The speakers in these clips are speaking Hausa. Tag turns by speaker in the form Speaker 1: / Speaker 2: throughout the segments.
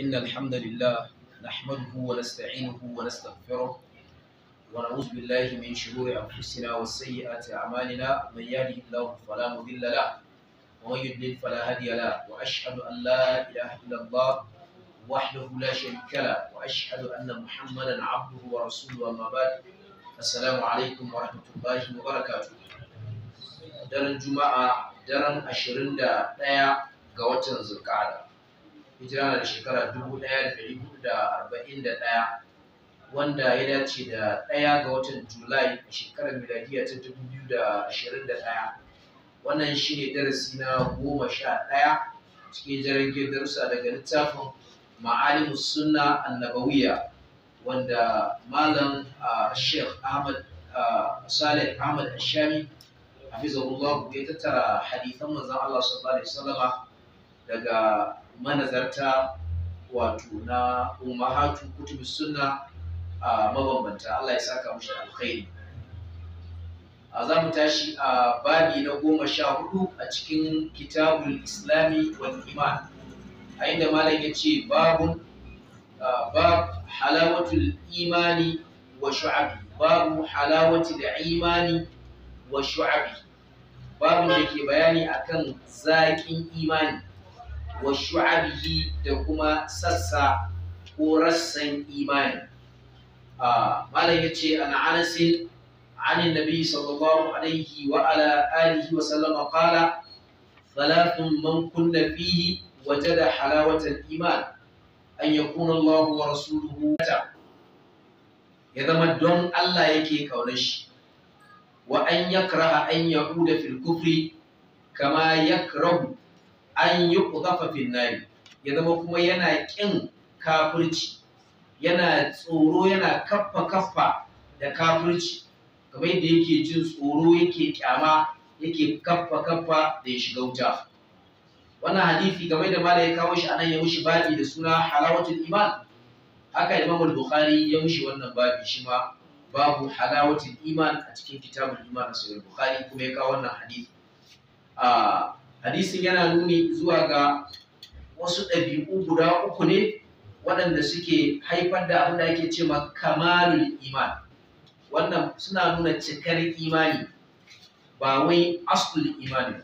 Speaker 1: إن الحمد لله نحمده ونستعينه ونستغفره ونعوذ بالله من شرور أنفسنا وسيئات أعمالنا من يهده الله فلا مضل له ومن يضلل فلا هادي له وأشهد أن لا إله إلا الله وحده لا شريك له وأشهد أن محمدا عبده ورسوله أما بعد السلام عليكم ورحمة الله وبركاته دار juma'a دار ashirin da ɗaya ga watan zulkada hijira na da shekara dubu ɗaya da ɗari hudu da arba'in da ɗaya wanda ya dace da ɗaya ga watan julai a shekarar miladiya ta dubu biyu da ashirin da ɗaya wannan shi ne darasi na goma sha ɗaya cikin jirgin darussa daga littafin ma'alimus sunna annabawiya wanda malam sheikh ahmad salih ahmad ashami hafizahullah ya tattara hadithan manzon allah sallallahu alaihi wasallama daga manazarta wato na umahatu kutubi sunna a mabambanta Allah ya saka mushi alkhairi a za mu tashi a babi na goma sha hudu a cikin kitabul islami wal iman a inda malam ya ce babun bab halawatul imani wa shu'abi babu halawati da imani wa shu'abi babun da ke bayani akan zaƙin imani wa shu'abihi da kuma sassa ko rassan imani malam ya ce an anasin عن النبي صلى الله عليه وعلى آله وسلم قال ثلاث من كن فيه وجد حلاوة الإيمان أن يكون الله ورسوله ya zama don Allah yake kaunar shi wa an yakraha an yahuda fil kufri kama yakrahu an yi ƙudafa finnari ya zama kuma yana ƙin kafirci yana tsoro yana kaffa kaffa da kafirci kamar yadda yake jin tsoro yake kyama yake kaffa kaffa da ya shiga wuta wannan hadisi game da mala ya kawo shi anan ya mushi babi da suna halawatul iman haka imam al-bukhari ya mushi wannan babi shi ma babu halawatul iman a cikin kitabul iman a sahih bukhari kuma ya kawo wannan hadisi a ah, hadisin yana nuni zuwa ga wasu ɗabi'u guda uku ne waɗanda suke haifar da abin da ake ce ma kamalul iman wannan suna nuna cikar imani ba wai asul imani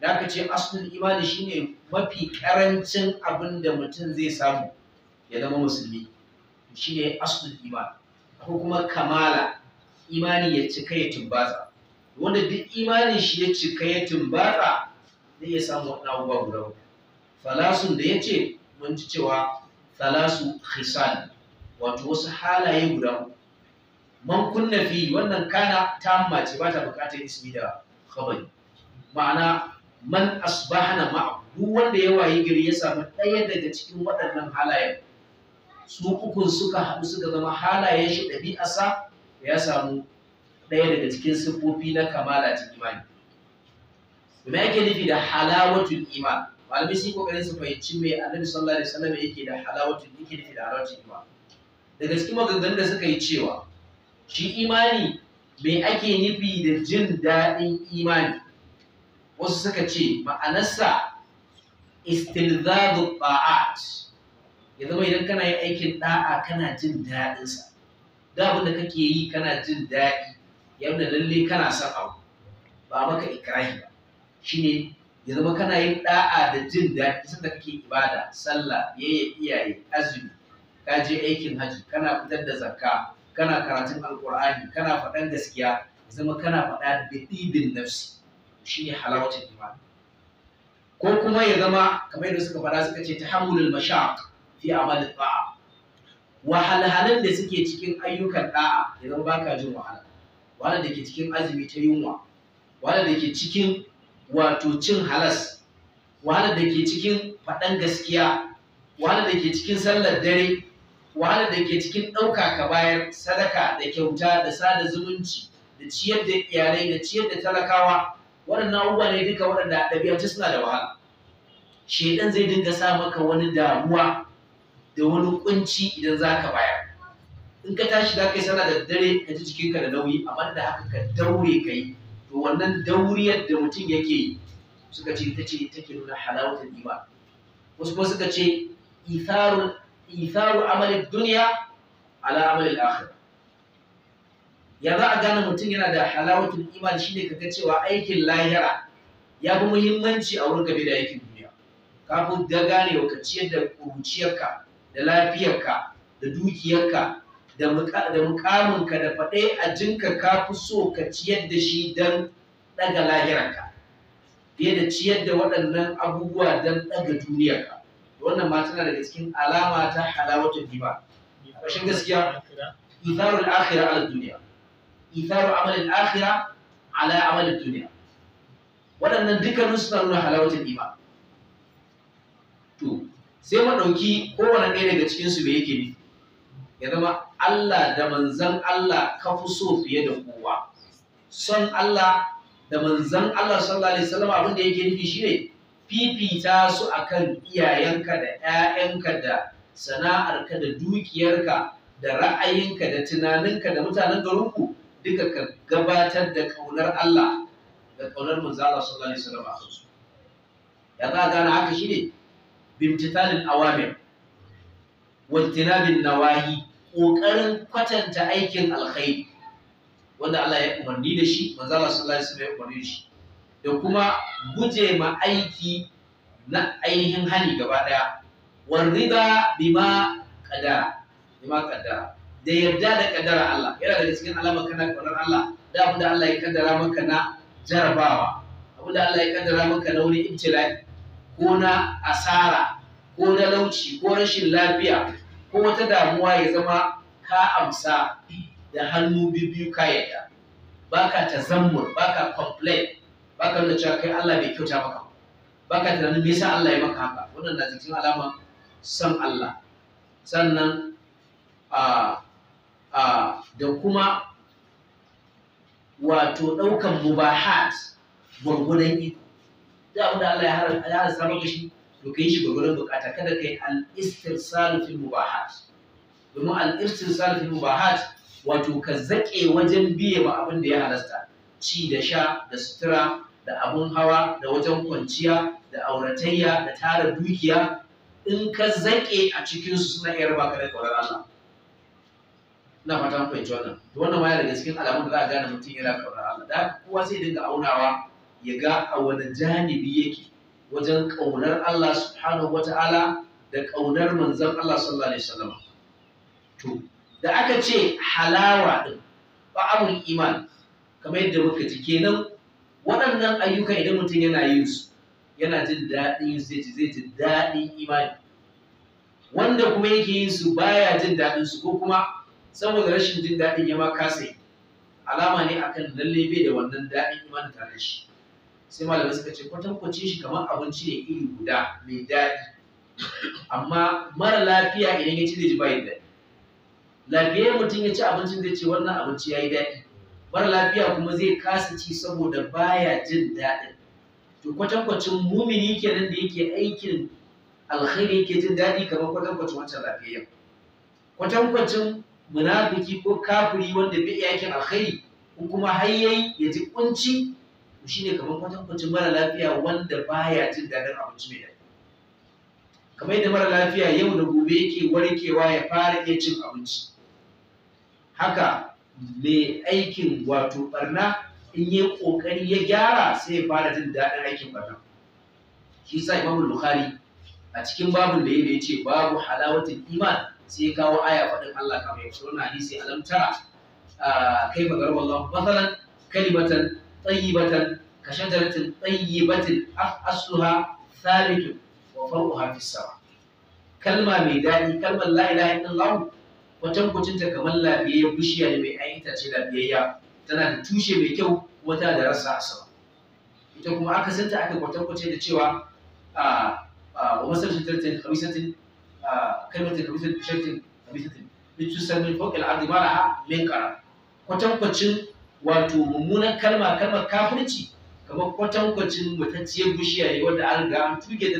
Speaker 1: da aka ce asul imani shine mafi karancin abin da mutum zai samu ya zama musulmi shine asul iman ko kuma kamala imani ya cika ya tumbatsa wanda duk imanin shi ya cika ya tumbatsa zai iya samu waɗannan abubuwa guda uku falasun da ya ce mun ji cewa falasu khisal wato wasu halaye guda uku man kunna fi wannan kana tamma ce ba ta bukatar ismi da khabari ma'ana man asbahana ma duk wanda ya wayi gari ya samu ɗaya daga cikin waɗannan halayen su uku suka haɗu suka zama halayen shi ɗabi'arsa ya samu ɗaya daga cikin siffofi na kamala cikin imani me yake nufi da halawatul iman malami sun kokarin su fahimci me annabi sallallahu alaihi wasallam yake da halawatul yake nufi da halawatul iman daga cikin maganganun da suka yi cewa shi imani me ake nufi da jin daɗin imani wasu suka ce ma'anarsa istilzadu ba'at ya zama idan kana yi aikin da'a kana jin daɗinsa da abin da kake yi kana jin daɗi yadda lallai lalle kana son abu ba maka ikrahi ba shine ya zama kana yin da'a da jin daɗi sanda kake ibada sallah biyayya iyaye azumi ka je aikin hajji, kana fitar da zakka kana karatun alqur'ani kana faɗan gaskiya ya zama kana faɗa da ɗibin nafsi shine halawatul iman ko kuma ya zama kamar yadda suka faɗa suka ce tahammulul mashaq fi amal ta'a wahalhalan da suke cikin ayyukan da'a idan baka jin wahala wahala da ke cikin azumi ta yunwa wahala da ke cikin wato cin halas wahalar da ke cikin faɗan gaskiya wahalar da ke cikin sallar dare wahalar da ke cikin ɗauka ka bayar sadaka da kyauta da sada zumunci da ciyar da iyalai da ciyar da talakawa waɗannan abubuwa ne duka waɗanda ɗabi'ance suna da wahala shaidan zai dinga sa maka wani damuwa da wani kunci idan za ka bayar in ka tashi za ka yi sana da dare ka ji jikinka da nauyi amma da haka ka daure ka yi to wannan dauriyar da mutum yake yi suka ce ta ce take nuna halawatul iman wasu kuma suka ce itharu amalin duniya ala amalin akhir ya za a gane mutum yana da halawatul iman shine ka ga cewa aikin lahira ya fi muhimmanci a wurin gabe da aikin duniya kafin da gane ka ciyar da kuruciyarka da lafiyarka da dukiyarka da mukaminka da faɗe a jinka ka fi so ka ciyar da shi don ɗaga lahirarka fiye da ciyar da waɗannan abubuwa don ɗaga duniyarka wannan ma tana daga cikin alama ta halawatu iman rashin gaskiya itharu al akhira ala duniya itharu amal al akhira ala amal duniya waɗannan dukkanin suna nuna halawatu iman to sai mu ɗauki kowane ɗaya daga cikin su me yake ne ya zama Allah da manzan Allah ka fi so fiye da kowa son Allah da manzan Allah sallallahu alaihi wasallam abin da yake nufi shine fifita su akan iyayenka da 'ya'yanka da sana'arka da dukiyarka da ra'ayinka da tunaninka da mutanen garinku duka ka gabatar da ƙaunar Allah da ƙaunar manzan Allah sallallahu alaihi wasallam a kansu ya za a gane haka shine bimtitalin awamir wajtinabin nawahi ƙoƙarin kwatanta aikin alkhairi wanda Allah ya umarni da shi manzo Allah sallallahu alaihi wasallam ya umarni shi da kuma guje ma aiki na ainihin hani gaba daya war riba bima qadara bima qadara da yarda da kaddara Allah yana daga cikin alama kana kaunar Allah da abu da Allah ya kaddara maka na jarabawa abu da Allah ya kaddara maka na wani ibtila'i ko na asara ko na lauci ko rashin lafiya ko wata damuwa ya zama ka amsa da hannu biyu ka yadda baka tazammur ka complain ka nuna cewa kai Allah bai kyauta maka ba ka tunanin me yasa Allah ya maka haka wannan na cikin alama san Allah sannan a a da kuma wato ɗaukan mubahat gurgurdan iko da abu da Allah ya haramta maka shi to kai shi gwagwaron bukata kada kai al-istirsalu fil mubahat domin al-istirsalu fil mubahat wato ka zaƙe wajen biye ma abin da ya halasta ci da sha da sutura da abin hawa da wajen kwanciya da auratayya da tara dukiya in ka zaƙe a cikinsu suna 'yar raba ka da kaurar Allah ina fatan fahimci wannan to wannan ma daga cikin alamun da za a gane mutum yana kaurar Allah da kowa sai dinga aunawa ya ga a wani janibi yake wajen ƙaunar Allah subhanahu wa ta'ala da ƙaunar manzan Allah sallallahu alaihi wasallam to da aka ce halawa da ba'amul iman kamar yadda muka ji kenan waɗannan ayyuka idan mutum yana yin su yana jin daɗin zai zai ji daɗin imani wanda kuma yake yin su baya jin daɗin su ko kuma saboda rashin jin daɗin ya ma kasa alama ne akan lalle bai da wannan daɗin imani tare shi sai malamai suka ce kwatankwacin shi kamar abinci ne iri guda mai daɗi amma mara lafiya idan ya ci zai ji bayan daɗi Lafiyar mutum ya ci abincin zai ce wannan abinci ya yi daɗi mara lafiya kuma zai kasa ci saboda baya jin daɗin to kwatankwacin mumini kenan da yake aikin alkhairi yake jin daɗi kamar kwatankwacin wancan lafiyar? kwatankwacin munafiki ko kafiri wanda bai yakin alkhairi ko kuma hayyai ya ji kunci shine kamar kwatankwacin mara lafiya wanda baya jin daɗin abinci mai daɗi kamar yadda mara lafiya yau da gobe yake warkewa ya fara iya cin abinci haka mai aikin wato barna in yi ƙoƙari ya gyara sai ya fara jin daɗin aikin barna shi sa imamu bukhari a cikin babun da ya ce babu halawatin iman sai ya kawo aya faɗin Allah kamar ya fito na hadisi alam tara kai magarba Allah kalimatan tayyibatan ka shajaratin tayyibatin asluha thabitun wa far'uha fis sama kalma mai daɗi kalmar la ilaha illallah watan kucinta kamar lafiyayyen bishiya ne mai ayyuka ce lafiyayya tana da tushe mai kyau kuma tana da rasa a sama ita kuma aka santa aka kwatankwace da cewa wa masar shajartin kamisatin kalmatin kamisatin shajartin kamisatin min kwatankwacin wato mummunan kalma kalmar kafirci kamar kwatankwacin mutacciyar bishiya ne wanda an ga an tuge ta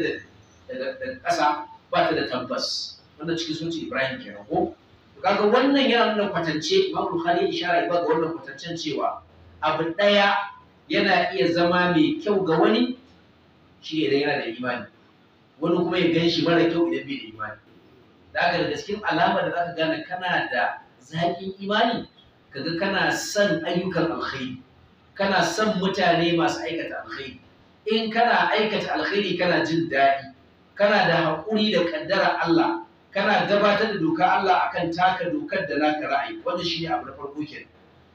Speaker 1: daga ƙasa ba ta da tabbas wannan cikin sunci ibrahim ke rago kaga wannan yana nuna kwatance ma buhari ya ishara ba ga wannan kwatancen cewa abu ɗaya yana iya zama mai kyau ga wani shi idan yana da imani wani kuma ya gan shi mara kyau idan bai da imani da haka da cikin alamar da zaka gane kana da zaƙin imani kaga kana son ayyukan alkhairi kana son mutane masu aikata alkhairi in kana aikata alkhairi kana jin daɗi kana da haƙuri da ƙaddara Allah kana gabatar da doka Allah akan taka dokar da naka ra'ayi wannan shine abu na farko kenan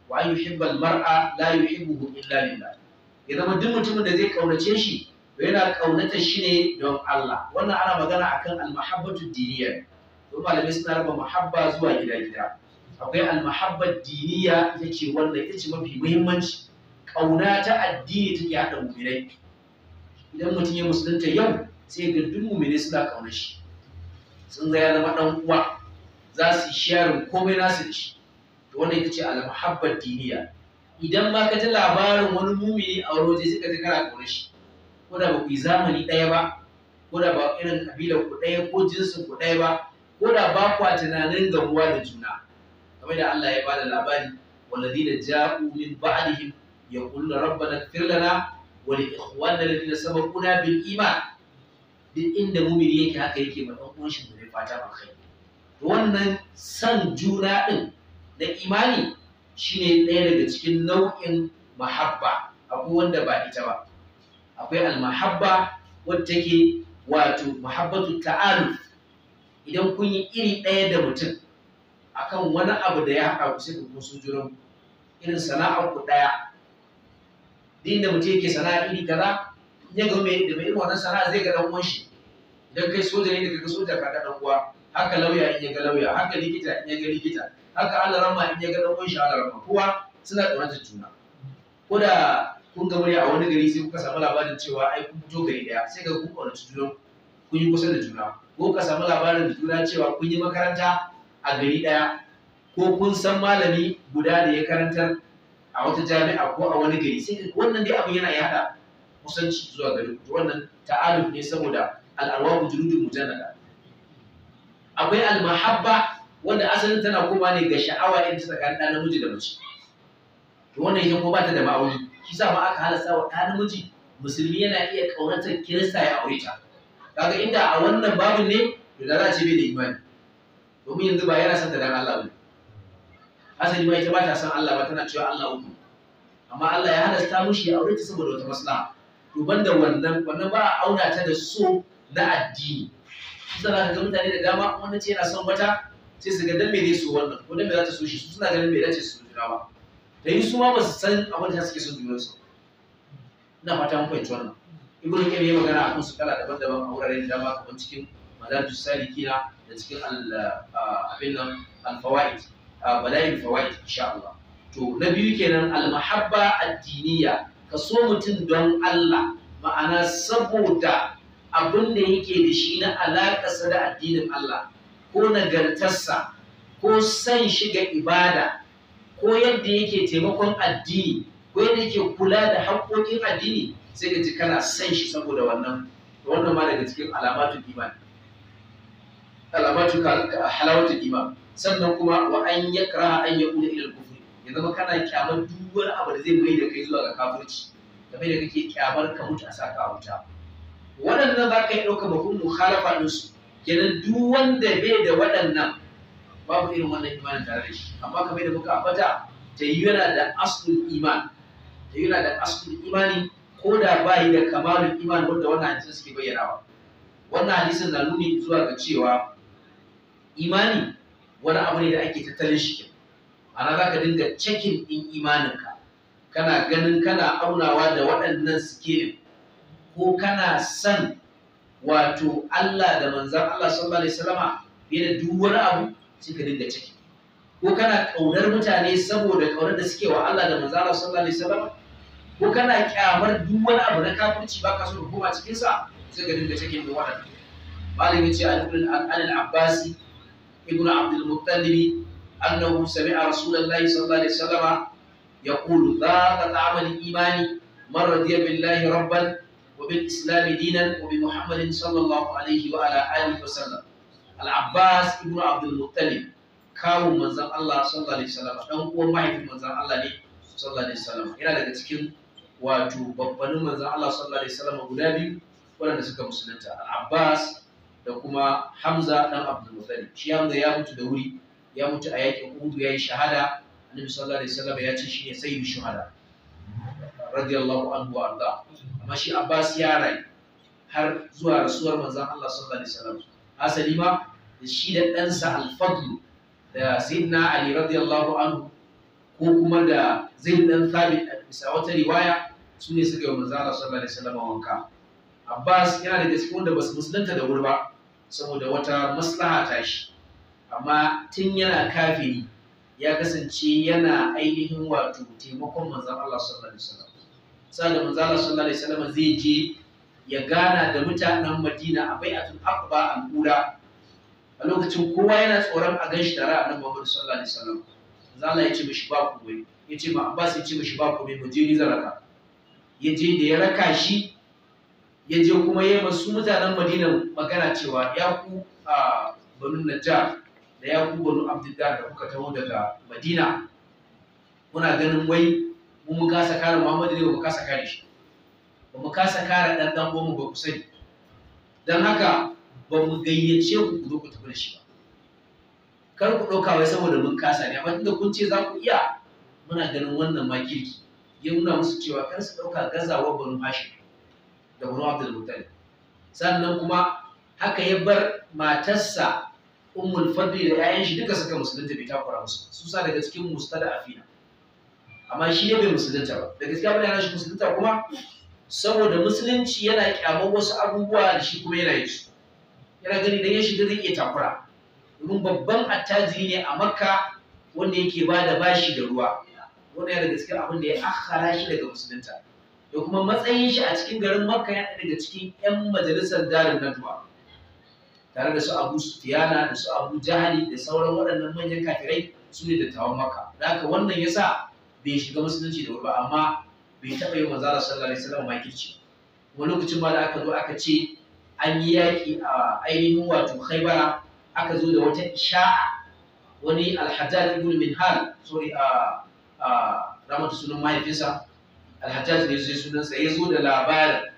Speaker 1: wa an yuhibba mar'a la yuhibbuhu illa lillah ya zama duk mutumin da zai kaunace shi to yana kaunata shi ne don Allah wannan ana magana akan al-mahabbatu diniyya to malamai suna raba muhabba zuwa gida-gida akwai almahabbar diniya ita ce wanda ita ce mafi muhimmanci ƙauna ta addini ta take haɗa muminai idan mutum ya musulunta yau sai ga duk muminai suna ƙaunar shi sun zaya zama ɗan uwa za su yi sharin komai nasu da shi to wannan ita ce almahabbar diniya idan ba ka ji labarin wani mumini a waje sai ka ji kana ƙaunar shi ko da ba zamani ɗaya ba ko da ba irin kabilar ku ɗaya ko jinsin ku ɗaya ba ko da ba kwa tunanin gamuwa da juna kamar da Allah ya ba da labari da ja'u min rabba kulla rabbana wani ikhwan da li da alladhina kuna bin iman duk inda mumini yake haka yake ma dan uwan shi mai fata ba kai wannan san juna ɗin na imani shine ɗaya daga cikin nau'in mahabba akwai wanda ba ita ba akwai almahabba wadda take wato mahabbatu ta'aluf idan kun yi iri ɗaya da mutum akan wani abu da ya haɗa ku sai ku kuma junan irin sana'ar ku ɗaya din da mutum yake sana'a iri kaza ya ga mai da mai irin wannan sana'a zai ga dan uwan shi idan kai soja ne daga soja ka ga dan uwa haka lauya in ya ga lauya haka likita in ya ga likita haka alarama in ya ga dan uwan shi alarama kowa suna ƙaunar juna ko da kun ga murya a wani gari sai kuka samu labarin cewa ai kun fito gari daya sai ga kun ƙaunaci juna kun yi kusa da juna ko ka samu labarin da juna cewa kun yi makaranta a gari ɗaya ko kun san malami guda da ya karantar a wata jami'a ko a wani gari sai wannan dai abin yana yada kusanci zuwa gari wannan ta'aluf ne saboda al'arwahu juludul mujannada akwai al-mahabba wanda asalin tana koma ne ga sha'awa in ta tsakanin ɗan namiji da mace to wannan ita ko ba ta da ma'auni shi sa ma aka halasta wa ɗan namiji musulmi yana iya ƙaunatar kirista ya aure ta kaga inda a wannan babu ne to da za a ce bai da imani domin yanzu ba yana son ta dan Allah bane asali ma ita ba ta san Allah ba tana cewa Allah uku amma Allah ya halasta mushi ya aure ta saboda wata maslaha to banda wannan wannan ba a auna ta da so na addini sai za ka ga mutane da dama wannan ce yana son wata sai su ga dan mene ne so wannan ko dan me za ta so shi su suna ganin me dace su jira ba da yi su ma ba su san abin da suke son su ina fata mun fahimci wannan ibnu kayyim ya magana akan su kala daban-daban a wuraren da dama kamar cikin madaraju salikina da cikin abin nan alfawaid bala'in to na biyu kenan almahabba addiniya ka so mutum don Allah ma'ana saboda abin da yake da shi na alaƙarsa da addinin Allah ko nagartarsa ko san ga ibada ko yadda yake taimakon addini ko yadda yake kula da haƙoƙin addini sai ka ji kana san shi saboda wannan wannan ma daga cikin alamatun imani kalamatuka da halawatul iman sannan kuma wa an yakraha an yaqula ila al-kufr ya zama kana kyamar duk wani abu da zai mai da kai zuwa ga kafirci game da kake kyamar ka mutu a saka wuta waɗannan za ka yi ɗaukar mafhum mukhalafa ɗinsu kenan duk wanda bai da waɗannan babu irin wannan imanin tare da shi amma kamar da muka ambata ta yi yana da aslul iman ta yi yana da aslul imani ko da yi da kamalul iman wanda wannan hadisin suke bayyanawa wannan hadisin na nuni zuwa ga cewa imani wani abu ne da ake tattalin shi ana za ka dinga cekin ɗin imaninka kana ganin kana aunawa da waɗannan sikilin ko kana san wato Allah da manzan Allah sallallahu alaihi wasallama fiye da duk wani abu sai ka dinga ciki ko kana ƙaunar mutane saboda ƙaunar da suke wa Allah da manzan Allah sallallahu alaihi wasallama ko kana kyamar duk wani abu na kafirci ba ka so ka koma cikin sa sai ka dinga cikin da wannan malamin ce al-Abbasi ابن عبد المطلب أنه سمع رسول الله صلى الله عليه وسلم يقول ذاك طعم الإيمان من رضي بالله ربا وبالإسلام دينا وبمحمد صلى الله عليه وعلى آله وسلم العباس ابن عبد المطلب kawo manzan Allah sallallahu alaihi wasallam dan uwan mahaifin manzan Allah ne sallallahu alaihi wasallam yana daga cikin wato babbanin manzan Allah sallallahu alaihi wasallam guda biyu waɗanda suka musulunta al-Abbas da kuma Hamza dan Abdul Muttalib shi Hamza ya mutu da wuri ya mutu a yakin Uhud yayi shahada Annabi sallallahu alaihi wasallam ya ce shi ne sayyidu shuhada radiyallahu anhu wa arda amma shi Abbas ya rai har zuwa rasuwar manzon Allah sallallahu alaihi wasallam asali ma shi da ɗansa Al-Fadl da Sayyidina Ali radiyallahu anhu ko kuma da Zaid dan Thabit a bisa wata riwaya su ne suka yi wa manzon Allah sallallahu alaihi wasallam wanka Abbas yana da gaske wanda su musulunta da wuri ba saboda wata maslaha ta shi amma tun yana kafiri ya kasance yana ainihin wato taimakon manzan Allah sallallahu alaihi wasallam sai da manzan Allah sallallahu alaihi wasallam zai je ya gana da mutanen Madina a bai'atul aqba al-ula a lokacin kowa yana tsoron a ganshi tare a nan Muhammad sallallahu alaihi wasallam zalla ya ce mishi ba ku bai ya ce ma Abbas ya ce mishi ba ku bai mu je ni zaraka ya je da ya raka shi ya je kuma ya masu mutanen madina magana cewa ya ku a banu najjar da ya ku banu abdullah da kuka taho daga madina muna ganin wai mu mu kasa kare muhammadu ne ba mu kasa kare shi ba mu kasa kare dan dan mu ba ku sani dan haka ba mu gayyace ku ku zo ku tafi da shi ba kar ku ɗauka wai saboda mun kasa ne amma tunda kun ce za ku iya muna ganin wannan makirki, ya nuna musu cewa kar su ɗauka gazawar banu hashim da abu da mutane sannan kuma haka ya bar matarsa umul Fadli da 'ya'yan shi duka suka musulunta bai takura musu su sa daga cikin musta da afina amma shi ne bai musulunta ba Daga cikin abin da ya shi musulunta kuma saboda musulunci yana kyamar wasu abubuwa da shi kuma yana yin su yana gani dan ya shiga zai iya takura domin babban attajiri ne a makka wanda yake bada bashi da ruwa wannan yana daga cikin abin da ya akhara shi daga musulunta da kuma matsayin shi a cikin garin makka yana daga cikin 'yan majalisar darin najwa tare da su abu sufiyana da su abu jahali da sauran waɗannan manyan kafirai su ne dattawan Makka. da haka wannan ya sa bai shiga musulunci da wuri ba amma bai taɓa yi manzara sallallahu alaihi wasallam makirci wani lokacin ma da aka zo aka ce an yi yaƙi a ainihin wato khaibara aka zo da wata isha wani alhajjaj ibn minhal sorry a ramatu sunan mahaifinsa alhajjaj ne sai sa ya zo da labarin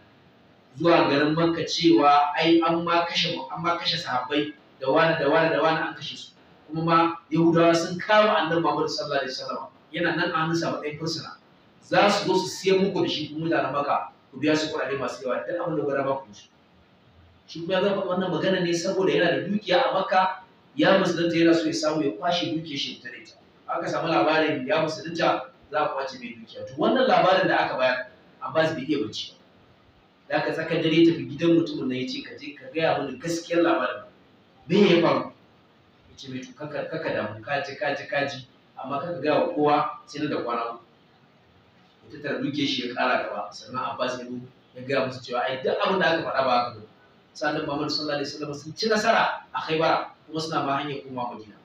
Speaker 1: zuwa garin makka cewa ai an ma kashe an ma kashe sahabbai da wani da wani da wani an kashe su kuma ma yahudawa sun kama annabi muhammad sallallahu alaihi wasallam yana nan a hannunsa ba ɗaya fursuna za su zo su siya muku da shi kuma mutanen Makka ku biya su kuɗaɗe masu yawa duk abin da gwada ba ku musu shi kuma ya zama wannan magana ne saboda yana da dukiya a makka ya musulunta yana so ya samu ya kwashe dukiyar shi ta ita aka samu labarin ya musulunta za a kwace mai dukiya to wannan labarin da aka bayar Abbas bai iya bacci da aka tsakar dare ta tafi gidan mutumin na ya ce ka je ka gaya mini gaskiyar labarin me ya faru ya ce mai to kaka kaka damu kaji kaji kaji amma kaka gaya wa kowa sai na da kwana uku ta tara duke shi ya kara gaba sannan Abbas ya ya gaya musu cewa ai duk abin da aka faɗa ba haka ba sannan Muhammad sallallahu alaihi wasallam sun ci nasara a Khaibar kuma suna ma hanyar koma Madina.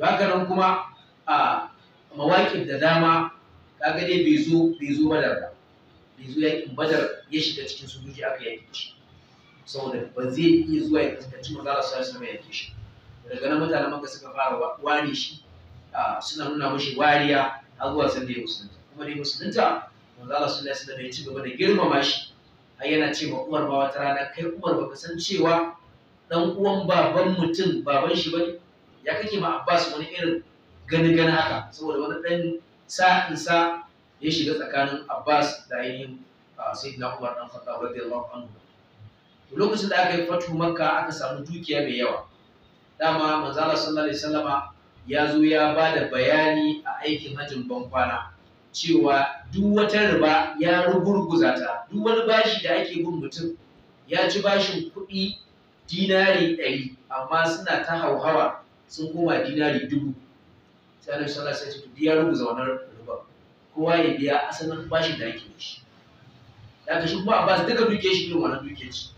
Speaker 1: Haka nan kuma a Mawaƙin da dama kaga dai bai zo bai zo badar ba bai zo yakin badar ya shiga cikin sojoji aka yaki shi saboda ba zai iya zuwa ya fuskanci manzara su alaihi wasallam yake shi daga nan mutanen maka suka fara ware shi ah, suna nuna mashi wariya har zuwa san da ya musulunta kuma dai musulunta manzara sallallahu alaihi da bai ci gaba da girmama shi har yana ce ma Umar ba wata rana kai Umar ka san cewa dan uwan baban mutum baban shi bane ya kake ma Abbas wani irin gani gani haka saboda wani ɗan sa'in sa ya shiga tsakanin Abbas da ainihin ah, na Umar dan Khattab radiyallahu anhu lokacin da aka yi fatu Makka aka samu dukiya mai yawa dama manzala sallallahu alaihi wasallama ya zo ya ba da bayani a aikin hajjin bankwana cewa duk wata riba ya rugurguza ta duk wani bashi da ake bin mutum ya ci bashin kuɗi dinari ɗari amma suna ta hauhawa sun koma dinari dubu sai annabi sallallahu alaihi wasallam ya rubuta wannan rubar kowa ya biya asalin bashi da ake shi daga shi kuma Abbas duka duke shi irin wannan duke ci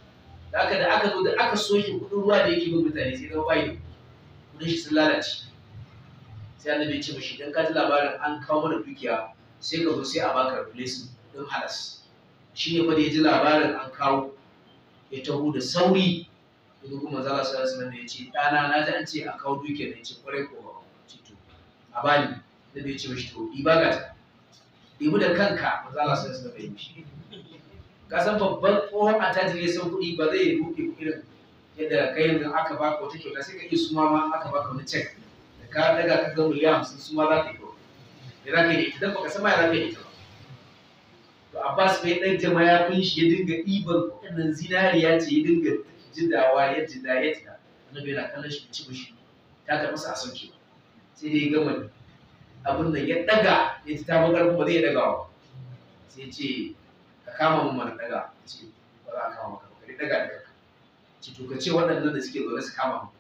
Speaker 1: aka da aka zo da aka soke kudin ruwa da yake bin mutane sai zama bai kudin shi sun lalace sai annabi ya ce mashi don ka ji labarin an kawo mana dukiya sai ka zo sai a baka replacement din halas shi ne fa da ya ji labarin an kawo ya taho da sauri yanzu kuma zala sallallahu alaihi wasallam ya ce ɗana na ji an ce a kawo dukiyar ne ce kwarai ko a bani da bai ce mashi to ba ga ta da kanka ba za a su bai fahimci ka san babban tsohon attajiri ya san kuɗi ba zai buɗe irin yadda ka yi yanzu aka baka wata kyauta sai ka iya suma ma aka baka wani cek da ka daga ka ga miliyan hamsin suma za ka yi kyau da za ka yi da ita don san ma ya za ka yi ita ba to abbas bai ɗan jama ya kun shi ya dinga ɗiban waɗannan zinariya ce ya dinga jidawa ya jida ya jida annabi yana kallon shi ci mishi ta karɓi sa a sauke ba sai dai gama abin da ya daga ya ci ta bakar kuma zai daga wa sai ce ka kama mu mana daga ce ba za a kama maka ba kai daga daga ce to ka ce waɗannan da suke zaune su kama mu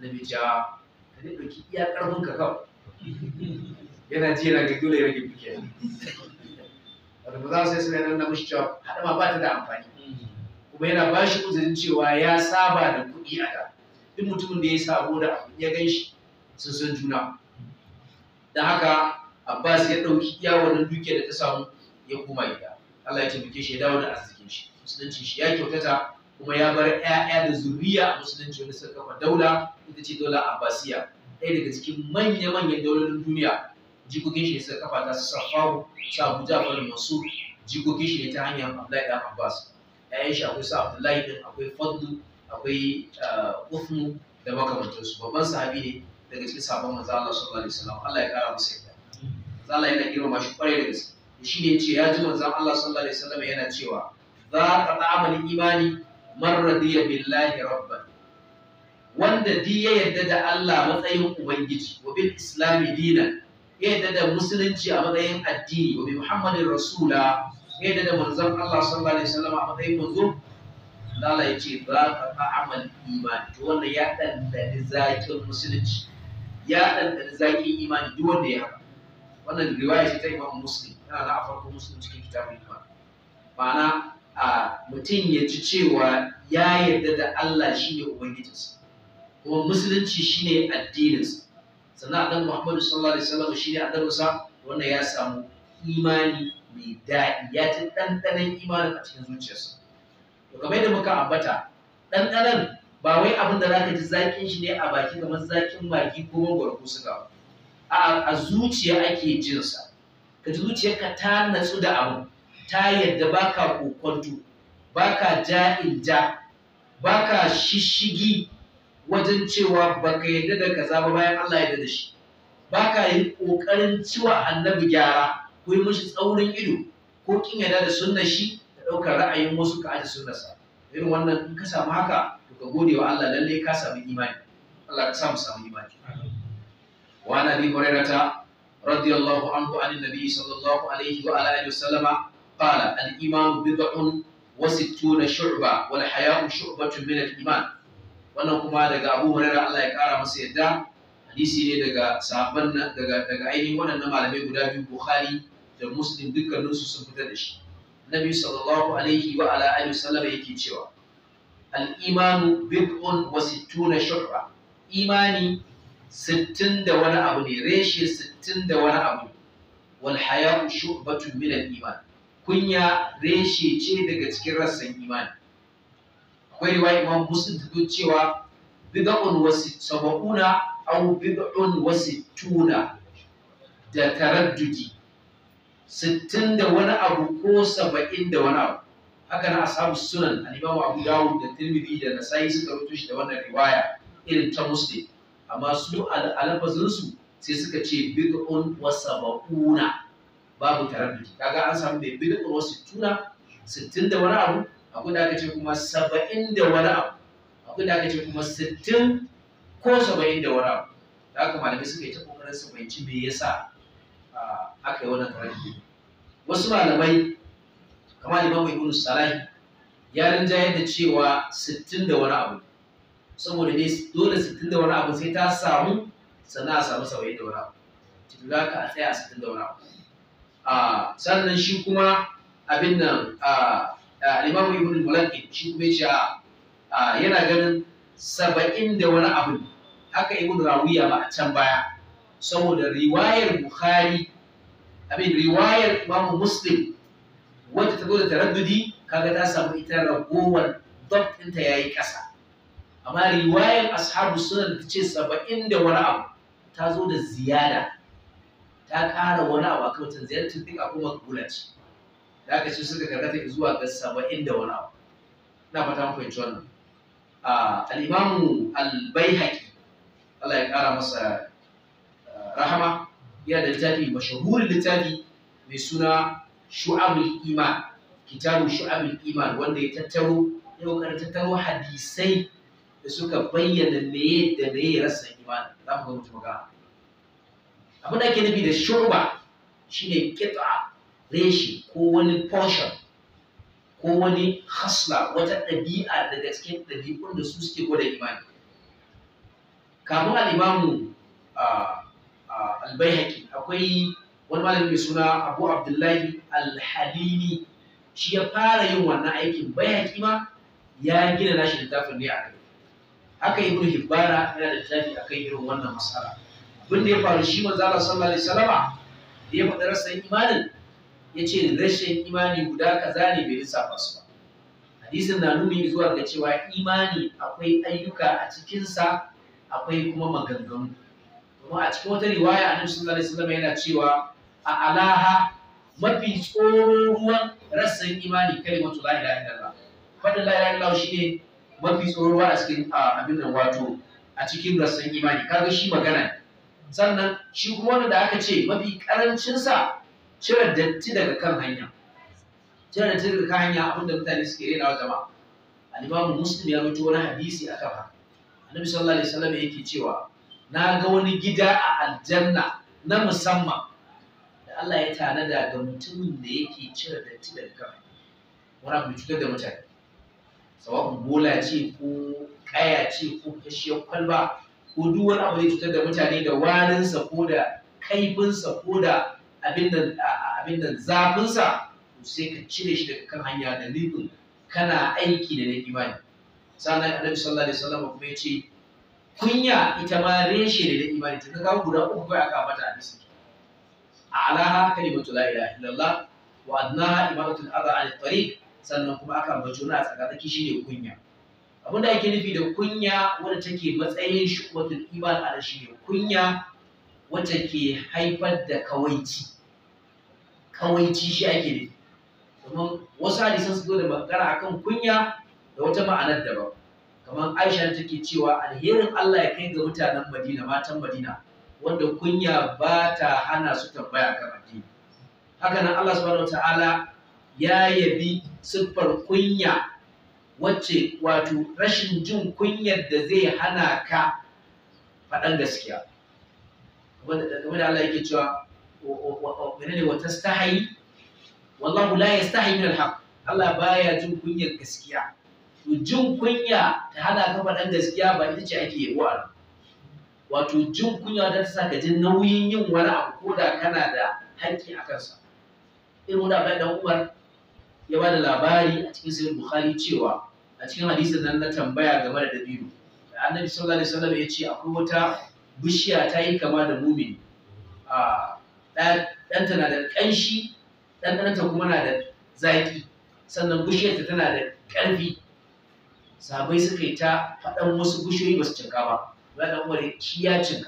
Speaker 1: annabi ce ka ne ɗauki iya ƙarfin ka kawai yana ji yana ga dole ya rage dukiya wanda ba za su yi suna yana mashi cewa haɗa ba ta da amfani kuma yana ba shi uzurin cewa ya saba da kuɗi a da duk mutumin da ya sabo da abu ya gan shi sun san juna da haka Abbas ya ɗauki iya wannan dukiyar da ta samu ya koma gida Allah ya taimake shi ya dawo da arzikin shi musulunci shi ya kyautata kuma ya bar ƴaƴa da zuriya a musulunci wanda suka kafa daula ita ce daula Abbasiya ɗaya daga cikin manya-manyan daularin duniya jikokin shi suka kafa ta su Safawu Abu Ja'far jikokin shi ne ta hanyar Abdullahi dan Abbas ƴaƴan shi akwai sa Abdullahi din akwai Fadlu akwai eh, Uthmu da makamantansu babban sahabi ne daga cikin sabon manzo Allah sallallahu alaihi wasallam Allah ya kara masa yarda manzo Allah yana girma shi kwarai da shi ne ce ya ji manzo Allah sallallahu alaihi wasallam yana cewa za ka ta'amal imani man radiya billahi rabban wanda di ya yarda da Allah matsayin ubangiji wa bil islami dinan ya yarda da musulunci a matsayin addini wa bi muhammadin rasula ya yarda da manzon Allah sallallahu alaihi wasallam a matsayin Allah ya ce za ka ta'amal imani to wanda ya dandani zakin musulunci ya ɗanɗana zaƙin imani duk wanda ya haka wannan riwaya ce ta imam muslim yana da a musulun cikin kitabun iman ma'ana a mutum ya ci cewa ya yarda da Allah shi shine ubangijinsa kuma musulunci shi shine addininsa sannan annabi Muhammadu sallallahu alaihi wasallam shi shine annabinsa wanda ya samu imani mai daɗi ya ci ɗanɗanan imanin a cikin zuciyarsa to kamar yadda muka ambata ɗanɗanan ba wai abin da zaka ji zakin shi ne a baki kamar zakin magi ko mangwaro ko ba a a zuciya ake jin sa ka ji ka ta natsu da abu ta yadda baka kokonto baka ja, baka shishigi wajen cewa baka yadda da kaza ba bayan Allah ya da shi baka yin kokarin ciwa annabi gyara ko yi mishi tsaurin ido ko kin yadda da sunnar shi da ɗaukar ra'ayin wasu ka aje sunnarsa irin wannan in ka samu haka ka gode wa Allah lallai ka sami imani Allah ka samu samu imani wa ana bi hurairata radiyallahu anhu an nabi sallallahu alaihi wa ala alihi wasallama qala al iman bid'un wa sittuna shu'ba wal haya'u shu'batun min al iman wannan kuma daga Abu Hurairah Allah ya kara masa yadda hadisi ne daga sahabban daga daga ainihin waɗannan malamai guda biyu Bukhari da Muslim dukkaninsu sun fitar da shi Nabi sallallahu alaihi wa ala alihi wasallama yake cewa al'imanu bid'un wa sittuna shur'a imani sittin da wani abu ne reshe sittin da wani abu wal haya'u shu'batun min al iman kunya reshe ce daga cikin rassan imani akwai riwaya imam muslim ta cewa bid'un wa sab'una aw bid'un wa sittuna da taraddudi sittin da wani abu ko saba'in da wani abu haka na ashabu sunan al-imamu abu dawud da tirmidhi da Nasayi suka rubuto shi da wannan riwaya irin ta muslim amma su alafazin su sai suka ce bid'un wa sab'una babu taraddudi kaga an samu mai bid'un wa sittuna sittin da wani abu akwai da aka ce kuma saba'in da wani abu akwai da aka ce kuma sittin ko saba'in da wani abu da aka malamai suka yi ta kokarin su fahimci me yasa ah, aka yi wannan taraddudi wasu malamai kamar imamu ibn salah ya rinjayar da cewa sittin da wani abu saboda ne dole sittin da wani abu sai ta samu sannan a samu saba'in da wani abu cikin za ka tsaya a sittin da wani abu sannan shi kuma abin nan imamu ibn mulaki shi kuma ya ce yana ganin saba'in da wani abu haka ibn rawiya ba a can baya saboda riwayar bukhari abin riwayar imamu muslim wanda ta zo da taraddudi kaga ta samu ita ragowar dab ɗinta ya yi ƙasa amma riwayar ashabu sunan da ce saba'in da wani abu ta zo da ziyada ta ƙara wani abu akan wata ziyartar duk abu makbula ce da aka ce suka karkata zuwa ga saba'in da wani abu na fata mu fahimci al'imamu albaihaki Allah ya ƙara masa eh, rahama yana da littafi mashahurin littafi mai suna shu'abul iman kitabu shu'abul iman wanda ya tattaro ya kokarin hadisai da suka bayyana meye da meye rasa imani za mu ga mutum ga abin da ake nufi da shu'ba shine kit'a reshi ko wani foshon, ko wani hasla wata ɗabi'a daga cikin ɗabi'un da su suke gwada imani kamun al'imamu ah, ah, albaihaki akwai wani malami mai suna abu abdullahi alhalini shi ya fara yin wannan aikin baya kima ya gina nashi littafin ne a kai haka ibnu hibbana yana da littafi akan irin wannan masara. abin ya faru shi manzo Allah sallallahu alaihi wasallama da ya faɗa rasa imanin ya ce rashin imani guda kaza ne bai lissafa su ba hadisin na nuni zuwa ga cewa imani akwai ayyuka a cikinsa akwai kuma maganganu kuma a cikin wata riwaya annabi sallallahu alaihi wasallama yana cewa a alaha mafi tsoron ruwan rassan imani kalimatu la ilaha illallah fadin la ilaha illallah ne mafi tsoron ruwa a cikin abin nan wato a cikin rassan imani kaga shi magana sannan shi kuma wanda da aka ce mafi karancin sa cire datti daga kan hanya cire datti daga kan hanya abin da mutane suke rena wa jama'a al-imamu muslim ya rubuta wani hadisi aka haka annabi sallallahu alaihi wasallam yake cewa na ga wani gida a aljanna na musamman Allah ya tanada ga mutumin da yake cire datti daga kan wani abu cutar da mutane sawa'un bola ce ko kaya ce ko fashiyar kwalba ko duk wani abu zai cutar da mutane da warinsa ko da kaifinsa ko da abin da zafinsa sai ka cire shi daga kan hanya da nufin kana aiki da na imani sannan annabi sallallahu alaihi wasallam kuma ya ce kunya ita ma reshe da na imani to kaga guda uku kai aka bata a bisa A a'laha kalimatu la ilaha illallah wa adnaha ibadatul adha an tariq sannan kuma aka ambaci wani a tsakatsaki shine kunya abinda ake nufi da kunya wadda take matsayin shubatul iman ala shine kunya wacce ke haifar da kawaici kawaici shi ake ne. wasu hadisan su zo da magana akan kunya da wata ma'anar daban kamar aisha take cewa alherin allah ya kai ga mutanen madina matan madina wanda kunya ba ta hana su tambaya kan addini haka nan Allah subhanahu wataala ya yabi siffar kunya wacce wato rashin jin kunyar da zai hana ka faɗan gaskiya wanda Allah yake cewa menene wata stahayi wallahu la yastahi min alhaq Allah baya jin kunyar gaskiya to jin kunya ta hana ka faɗan gaskiya ba ita ce ake yi wa wato jin kunya don ta sa ka ji nauyin yin wani abu ko da kana da haƙƙi a kansa irin wani abin da umar ya ba da labari a cikin sahih bukhari cewa a cikin hadisi nan na tambaya game da dabino annabi sallallahu alaihi wasallam ya ce akwai wata bishiya ta yi kama da mumin, a ɗanta na da ƙanshi ɗanɗanta kuma na da zaƙi sannan bishiyarta tana da ƙarfi sabai suka yi ta faɗan wasu bishiyoyi ba su cika ba ranar wani shi ya ce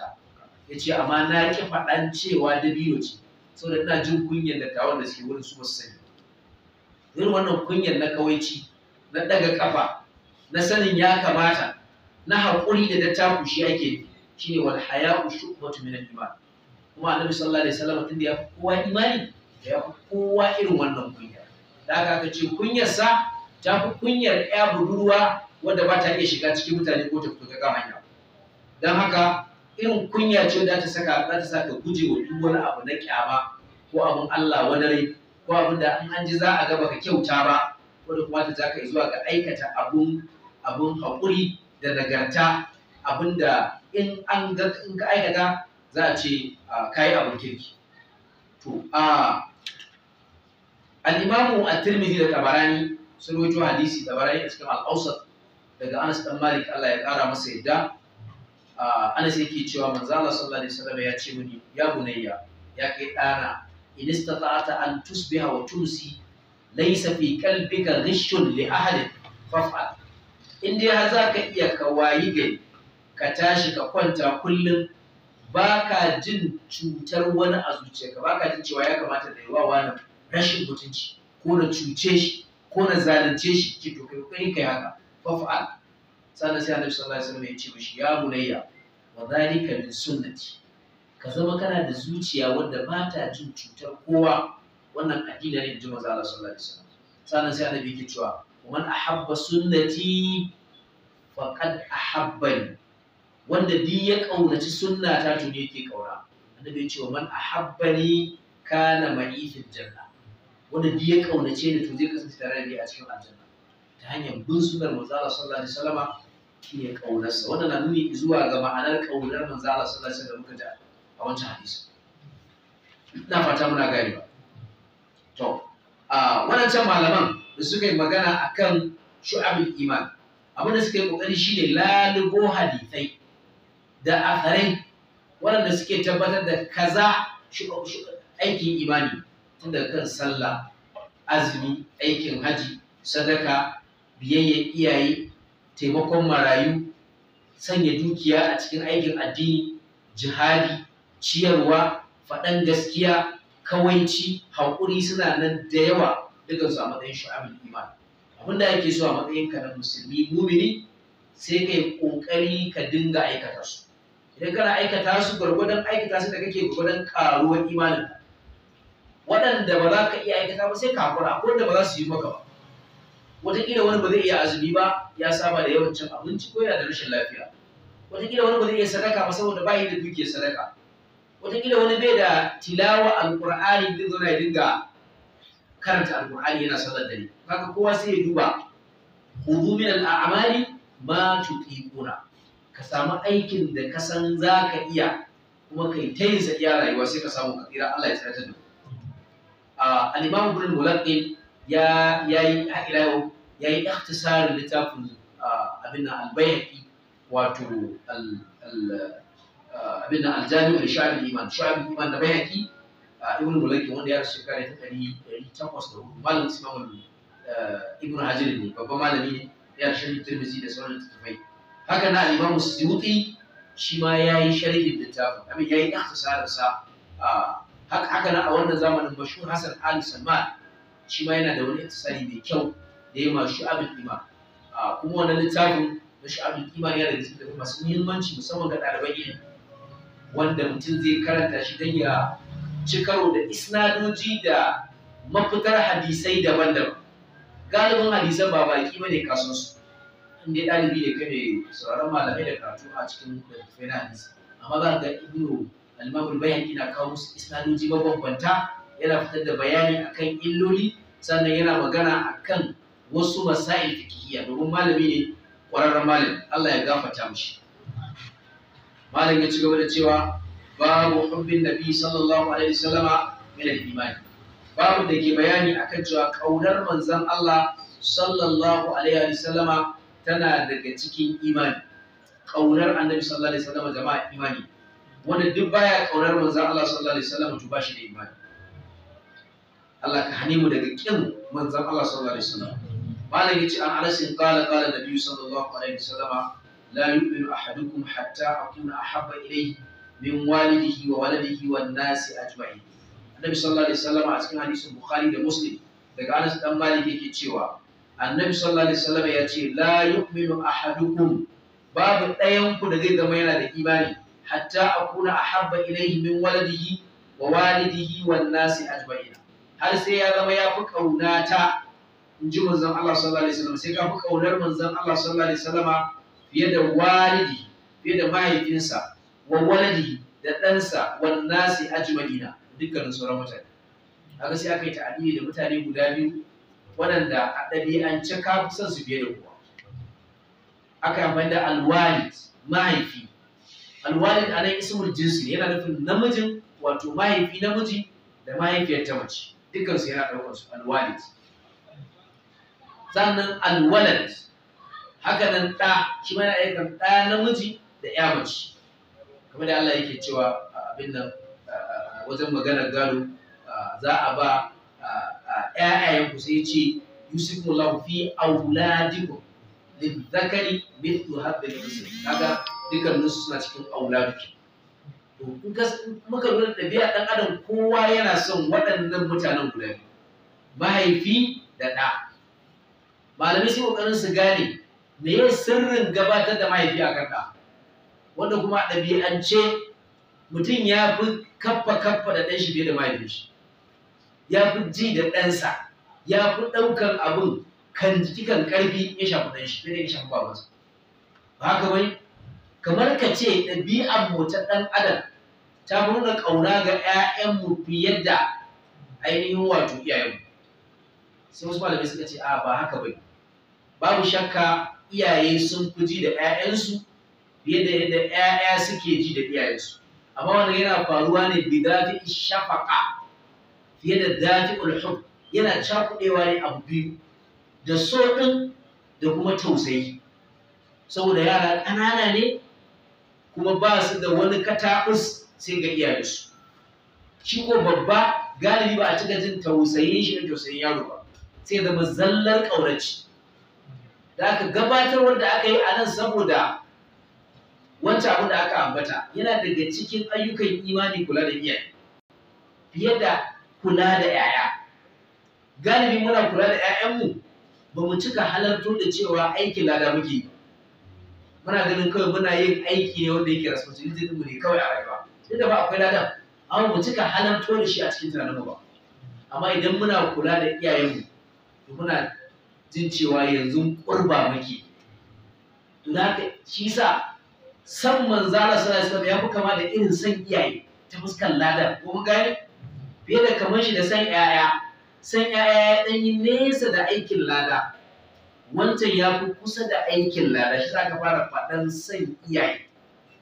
Speaker 1: amma na ƙi faɗan cewa dabino ce saboda ina jin kunyar da tawon da suke wurin su ba sani irin wannan kunyar na kawaici na ɗaga ƙafa na sanin ya kamata na haƙuri da dattaku shi ake shine wal haya'u shu'batu min al-iman kuma annabi sallallahu alaihi wasallam tun da ya fi kowa imani da ya fi kowa irin wannan kunya da aka aka ce kunyarsa ta fi kunyar ya budurwa wadda ba ta iya shiga cikin mutane ko ta fito ta hanya don haka irin kunya ce da ta saka za ta saka guje wa duk wani abu na kyama ko abin Allah wani rai ko abin da an ji za a ga baka kyauta ba ko da kuma ta ka yi zuwa ga aikata abun abun haƙuri da nagarta abin da in an ga in ka aikata za a ce kai abin kirki to a al-imamu at-tirmidhi da tabarani sun rawaito hadisi tabarani a cikin al-awsat daga Anas bin Malik Allah ya kara masa yadda Anas yake cewa manzo Allah sallallahu alaihi wasallam ya ce mini ya bunayya ya kai dana in istata'ata an tusbiha wa tumsi laysa fi qalbika ghishun li ahli faf'al in dai har zaka iya ka wayi gari ka tashi ka kwanta kullum baka jin cutar wani a ka baka jin cewa ya kamata da yawa wani rashin mutunci ko na cuce shi ko na zalunce shi ki to kai kai haka faf'al sannan sai annabi sallallahu alaihi wasallam ya ce mishi ya bunayya wa zalika min sunnati ka zama kana da zuciya wanda ba ta jin cutar kowa wannan addini ne jin maza Allah sallallahu alaihi wasallam sannan sai annabi ce cewa man ahabba sunnati faqad ahabbani wanda duk ya kaunaci sunna ta to ne yake kaura annabi ya ce wa man ahabbani kana ma'i fil janna wanda duk ya kaunace ni to zai kasance tare da ni a cikin aljanna ta hanyar bin sunnar manzo Allah sallallahu alaihi wasallam shine ne ƙaunarsa wannan na nuni zuwa ga ma'anar ƙaunar manzo Allah sallallahu alaihi da muka ji a wancan hadisi ina fata muna gari ba to a wadancan malaman da suka yi magana akan shu'abul iman abinda suka yi shi ne lalubo hadisai da atharai waɗanda suke tabbatar da kaza aikin imani tun daga kan sallah azumi aikin haji sadaka biyayya iyaye taimakon marayu sanya dukiya a cikin aikin addini jihadi ciyarwa faɗan gaskiya kawaici haƙuri suna nan da yawa su a matsayin shu'abin iman abin da ake so a matsayin ka na musulmi mumini sai kai ƙoƙari ka dinga aikata su idan kana aikata su gwargwadon aikata su da kake gwargwadon ƙaruwar imanin waɗanda ba za ka iya aikata ba sai ka hakura ko da ba za su yi maka ba wataƙila wani ba zai iya azumi ba ya saba da yawancin cin abinci ko yana da rashin lafiya wataƙila wani ba zai iya sadaka ba saboda ba yi da dukiyar sadaka wataƙila wani bai da tilawa alƙur'ani zai zauna ya dinga karanta alƙur'ani yana da ni kaga kowa sai ya duba hudu min al'amali ma tutiquna ka samu aikin da ka san za ka iya kuma kai ta yin sa iya rayuwa sai ka samu ka tsira Allah ya tsaya da mu ah, al-imam ibn mulaqin ya yi ila yau ya yi ikhtisarin littafin abin albayaki wato abin nan aljami'u da sha'abin iman sha'abin iman da bayaki ibn mulaki wanda ya rasu shekara ta ɗari ɗari takwas da hudu malam ismail ibn hajar ne babban malami ne ya sharhi tirmizi da sauran littattafai haka na al-imamu suyuti shi ma ya yi sharhin littafin abin ya yi ikhtisarin sa haka na a wannan zamanin mashhur hasan ali salman shi ma yana da wani tsari mai kyau da ya ma shu'abul iman kuma wannan littafin na abin iman yana da littafi masu muhimmanci musamman ga ɗaliban ilimi wanda mutum zai karanta shi don ya ci karo da isnadoji da mafitar hadisai daban-daban galibin hadisan ba baki ne kasan su inda ɗalibi ne kai sauraron malamai da karatu a cikin littattafai na hadisi amma za ga ibnu al-imam al na kawo musu isnadoji mabambanta yana fitar da bayani akan illoli sannan yana magana akan wasu masail fikihiyya domin malami ne ƙwararren malami Allah ya gafarta mishi malam ya ci gaba da cewa babu hubbin nabi sallallahu alaihi wasallama min al-imani babu da ke bayani akan cewa kaunar manzon Allah sallallahu alaihi wasallama tana daga cikin imani kaunar annabi sallallahu alaihi wasallama jama'a imani wanda duk baya kaunar manzon Allah sallallahu alaihi wasallama to ba shi da imani Allah ka hane mu daga kin manzon Allah sallallahu alaihi wasallam malam yace an Anas qala qala nabi sallallahu alaihi wasallam la yu'minu ahadukum hatta akuna ahabba ilayhi min walidihi wa waladihi wan nasi ajma'in annabi sallallahu alaihi wasallam a cikin hadisin bukhari da muslim daga Anas dan Malik yake cewa annabi sallallahu alaihi wasallam ya ce la yu'minu ahadukum babu ɗayan ku da zai zama yana da imani hatta akuna ahabba ilayhi min waladihi wa walidihi wan nasi ajma'in har sai ya zama ya fi ƙauna ta in ji manzon Allah sallallahu alaihi wasallam sai ka fi ƙaunar manzon Allah sallallahu alaihi wasallam fiye da walidi fiye da mahaifinsa wa walidi da ɗansa wan nasi ajma'ina dukkanin sauran mutane haka sai aka yi ta'adili da mutane guda biyu waɗanda a ɗabi'ance ka fi su fiye da kowa aka yi amfani da alwalid mahaifi alwalid a nan ismul jinsi yana nufin namijin wato mahaifi namiji da mahaifiyar ta mace dukansu yana ɗaukar su alwalid sannan alwalad haka nan ɗa shi ma yana kan ɗa namiji da ya mace kamar da Allah yake cewa abin nan wajen maganar gado za a ba ƴaƴan ku sai ce Yusuf lahu fi auladikum lil zakari mithlu hadhihi kaga dukkan nusu suna cikin auladukum in muka lura ɗabi'a ɗan adam kowa yana son waɗannan mutanen guda biyu mahaifi da ɗa malamai sun ƙoƙarin su gane me yin sirrin gabatar da mahaifi a kan ɗa wanda kuma a ɗabi'ance mutum ya fi kaffa kaffa da ɗan shi fiye da mahaifin shi ya fi ji da ɗansa ya fi ɗaukar abin kan jiki kan ƙarfi ya shafi ɗan shi fiye ya shafi ba haka bai kamar ka ce ɗabi'ar mu ɗan adam ta nuna ƙauna ga 'ya'yanmu fiye da ainihin wato iyayenmu sai wasu malamai suka ce a ba haka bai babu shakka iyaye sun fi ji da 'ya'yansu fiye da yadda 'ya'ya suke ji da iyayensu amma wannan yana faruwa ne bi dafi shafaka fiye da dafi ulhub yana cakuɗewa ne abu biyu da so ɗin da kuma tausayi saboda yara ƙanana ne kuma ba su da wani kataɓus sai ga iyayensu shi ko babba galibi ba a cika jin tausayin shi da tausayin yaro ba sai zama zallar ƙaurace da aka gabatar wanda aka yi a nan saboda wancan abin da aka ambata yana daga cikin ayyukan imani kula da iyaye fiye da kula da yaya galibi muna kula da 'ya'yanmu ba mu cika halarto da cewa aikin lada muke muna ganin kawai muna yin aiki ne wanda yake responsibility mu ne kawai a rayuwa sai da ba akwai ladan amma mu cika halarto da shi a cikin tunaninmu ba amma idan muna kula da iyayenmu to muna jin cewa yanzu kurba muke to da haka shi sa san manzala sallallahu alaihi ya fi kama da irin san iyaye ta fuskan ladan ko mun gane fiye da kamar shi da san yaya san yaya ya dan yi nesa da aikin lada wancan ya fi kusa da aikin lada shi za ka fara faɗan san iyaye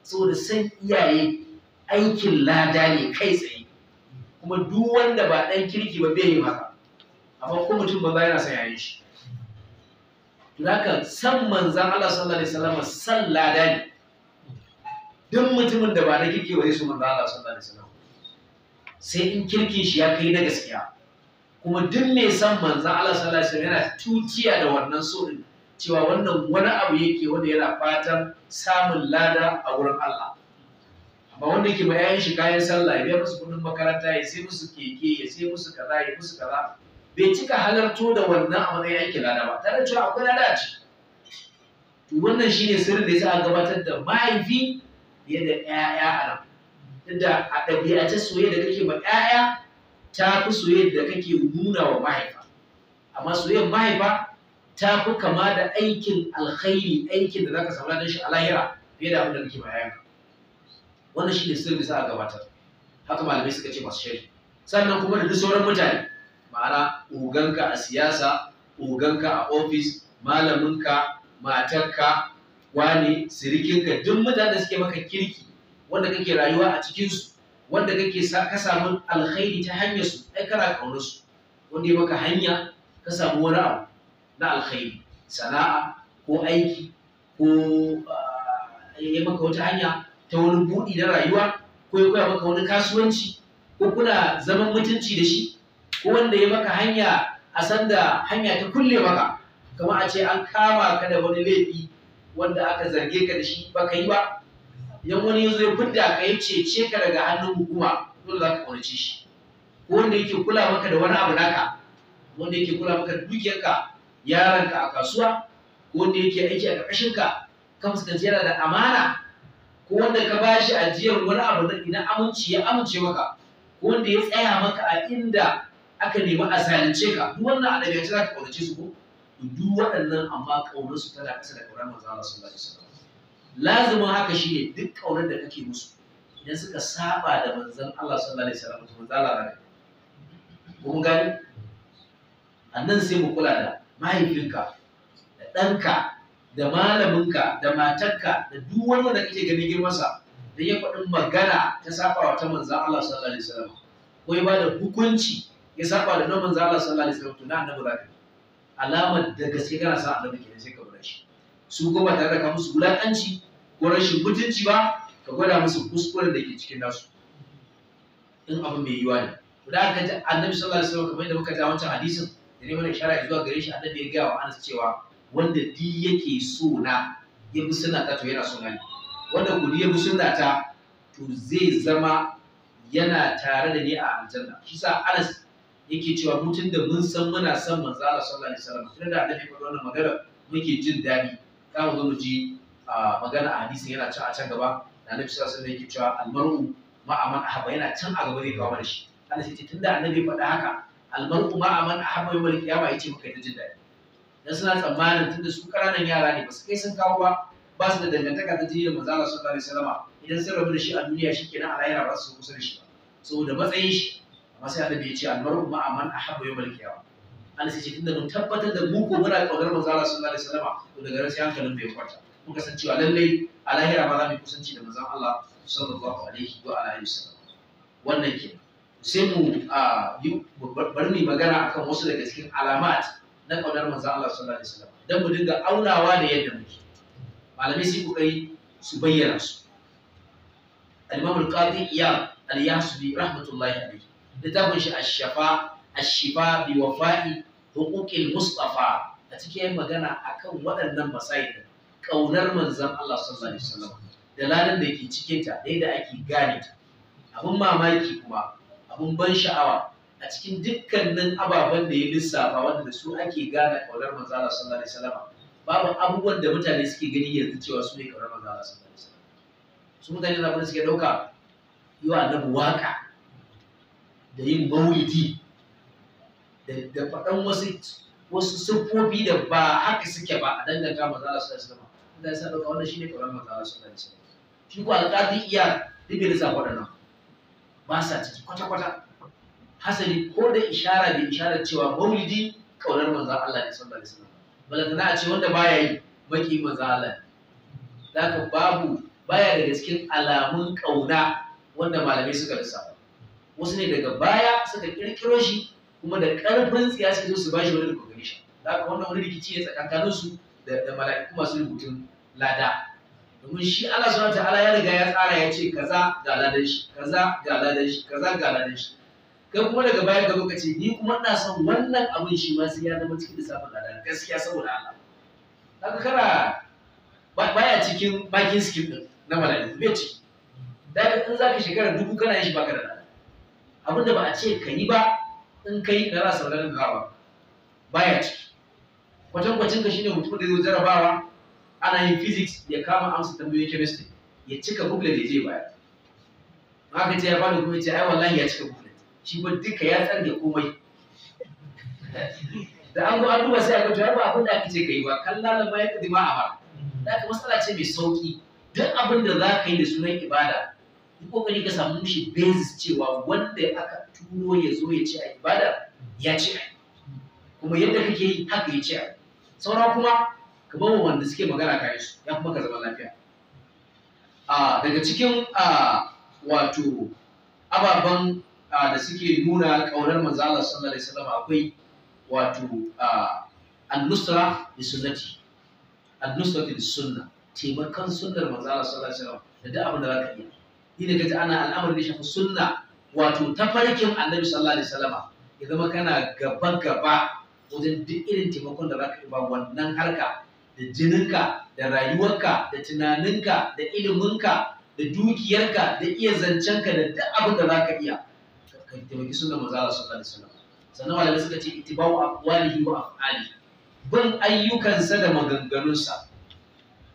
Speaker 1: saboda san iyaye aikin lada ne kai tsaye kuma duk wanda ba ɗan kirki ba bai yi haka amma ko mutum ba yana son yayin shi laka san manzan Allah sallallahu alaihi wasallam san lada ne duk mutumin da ba na kirki ba zai so manzan Allah sallallahu alaihi wasallam sai in kirki shi ya kai na gaskiya kuma duk mai san manzan Allah sallallahu alaihi wasallam yana tutiya da wannan so cewa wannan wani abu yake wanda yana fatan samun lada a wurin Allah amma wanda yake ma yayin shi kayan sallah ya biya musu kudin makaranta ya sai musu keke ya sai musu kaza ya musu kaza bai cika halarto da wannan a matsayin aikin lada ba tare da cewa akwai lada ce to wannan shine sirrin da ya sa a gabatar da mahaifi fiye da 'ya'ya a nan tunda a ɗabi'ace soyayya da kake ma 'ya'ya ta fi soyayya da kake nuna wa mahaifa amma soyayyar mahaifa ta fi kama da aikin alkhairi aikin da zaka samu shi a lahira fiye da abin da kake ma wannan shine sirrin da za a gabatar haka malamai suka ce masu shari sannan kuma da duk sauran mutane ma'ana oganka a siyasa oganka a ofis malaminka matarka wane sirikinka duk mutane da suke maka kirki wanda kake rayuwa a cikinsu wanda kake ka samu alkhairi ta hanyar su ai kana kaunar su wanda ya maka hanya ka samu wani abu na alkhairi sana'a ko aiki ko ah, ya maka wata hanya ta wani buɗi na rayuwa ko ya koya maka wani kasuwanci ko kuna zaman mutunci da shi ko wanda ya maka hanya a sanda hanya ta kulle maka kamar a ce an kama ka da wani laifi wanda aka zarge ka da shi baka yi ba idan wani ya zo ya ka ya cece ka daga hannun hukuma dole za ka ƙaunace shi ko wanda yake kula maka da wani abu naka wanda yake kula maka da dukiyarka yaranka a kasuwa ko wanda yake aiki a ƙarƙashinka ka fuskanci yana da amana ko wanda ka ba shi ajiyar wani abu na aminci ya amince maka ko wanda ya tsaya maka a inda aka nemi a zalunce ka duk wannan a daga za ka kaunace su ko duk waɗannan amma kaunar su tana kasa da kaunar manzo Allah sallallahu alaihi wasallam lazimin haka shine duk kaunar da kake musu idan suka saba da manzon Allah sallallahu alaihi wasallam to manzo Allah ne kun gani annan sai mu kula da mahaifinka da ɗanka da malaminka da matarka da duk wanda da kake ganin girmansa dan ya faɗin magana ta saba ta manzo Allah sallallahu alaihi wasallam ko ya bada da hukunci ya saba da manzo Allah sallallahu alaihi wasallam to na annabi zaka alamar da gaske kana sa annabi kenan sai ka bar shi su goma tare da ka musu wulakanci ko rashin mutunci ba ka gwada musu kuskuren da ke cikin nasu in abu mai yiwa ne da aka ji annabi sallallahu alaihi wasallam kamar yadda muka ja wancan hadisin da ne mana ishara zuwa gare shi annabi ya gaya wa Anas cewa wanda di yake so na ya fi suna ta to yana so na ne wanda ku ya fi suna ta to zai zama yana tare da ni a aljanna shi sa Anas yake cewa mutum da mun san muna san manzo Allah sallallahu alaihi wasallam tunda da annabi faɗa wannan magana muke jin daɗi za mu zo mu ji magana a hadisi yana can a can gaba da annabi sallallahu alaihi yake cewa almaru ma'aman ahaba yana can a gaba zai kawo mana shi Allah sai tunda annabi faɗa haka almaru ma'aman ahaba yawmal kiyama yace muka yi jin daɗi dan suna tsammanin tunda su karanan yara ne ba su kai sun kawo ba ba su da dangantaka ta jiya manzo Allah sallallahu alaihi wasallam idan sun rabu da shi a duniya shikenan a lahira ba su kusa da shi ba saboda matsayin shi amma sai Allah ya ce almaru ma aman ahabba yawmal qiyamah Allah sai ce tunda mun tabbatar da mu ko muna kaudar manzo Allah sallallahu alaihi wasallam to daga ran sai hankalin bai kwanta mun kasance a lallai a lahira ba za mu kusanci da manzo Allah sallallahu alaihi wa alihi wasallam wannan kenan sai mu a ah, yi bar magana akan wasu daga cikin alamat na ƙaunar manzo Allah sallallahu alaihi wasallam dan mu dinga aunawa da yadda muke malamai sai kokari su bayyana su al-imam al-qadi ya al yasbi rahmatullahi alaihi littafin shi ash-shafa ash-shifa bi wafa'i huquqil mustafa a cikin magana akan waɗannan masail ƙaunar manzon Allah sallallahu alaihi wasallam da ladan da ke cikinta da yadda ake gane ta abin mamaki kuma abin ban sha'awa a cikin dukkanin ababen da ya lissafa wanda da su ake gane kaular manzo Allah sallallahu alaihi wasallam babu abubuwan da mutane suke gani yanzu cewa su ne kaular manzo Allah sallallahu alaihi wasallam su mutane da abin suke dauka wa annabi waka da yin maulidi da faɗan wasu wasu siffofi da ba haka suke ba a danganta manzo Allah sallallahu alaihi wasallam mutane sun dauka wannan shine kaular manzo Allah sallallahu alaihi wasallam shi ko alƙadi iya duk da lissafa waɗannan ba sa ciki kwata-kwata hasali ko da ishara da ishara cewa maulidi kaunar manzan Allah ne sallallahu alaihi wasallam balantana a ce wanda baya yi maki manzan Allah Da zaka babu baya daga cikin alamun kauna wanda malamai suka lissafa wasu ne daga baya suka kirkiro shi kuma da karfin tsiya sai zo su bashi wani recognition zaka wannan wani rikici ya tsakankanin su da da mala'iku masu rubutun lada domin shi Allah subhanahu wa ta'ala ya riga ya tsara ya ce kaza ga ladan shi kaza ga ladan shi kaza ga ladan shi dan kuma daga baya ga lokaci ni kuma ina son wannan abin shi ma sai ya zama cikin lissafin lada gaskiya saboda Allah haka kana baya cikin bakin skin din na malami bai ciki da in zaka shekara dubu kana yin shi baka da abin da ba a ce ka yi ba in ka yi kana sauraron Ba baya ciki kwacin ka shine mutum da zai jarabawa ana yin physics ya kama amsa tambayoyin chemistry ya cika google da ya je baya haka ce ya fara kuma ya ce ai wallahi ya cika google shi ba duka ya da komai da an ga duba sai a ga to abin da aka ce kai ba kalla la ma yakdi a ba da ka matsala ce mai sauki duk abin da za ka yi da sunan ibada ko kokari ka samu shi basis cewa wanda aka turo ya zo ya ce a ibada ya ce a kuma yadda kake yi haka ya ce a sauran kuma ka bawa wanda suke magana kayan su ya kuma ka zama lafiya ah, daga cikin ah, wato ababen da suke nuna ƙaunar manzala Allah sallallahu alaihi wasallam akwai wato al-nusra bi sunnati al-nusra bi sunna taimakon sunnar manzala Allah sallallahu alaihi wasallam da abin da zaka iya ina kaji ana al'amarin da shafi sunna wato ta farkin annabi sallallahu alaihi wasallam ya zama kana gaba gaba wajen duk irin taimakon da zaka ba wannan harka da jininka da rayuwarka da tunaninka da iliminka da dukiyarka da iya zancenka da duk abin da zaka iya ba ta taimaki sunnar manzo Allah sallallahu alaihi wasallam sannan malamai suka ce ittiba'u aqwalihi wa af'ali bin ayyukansa da maganganunsa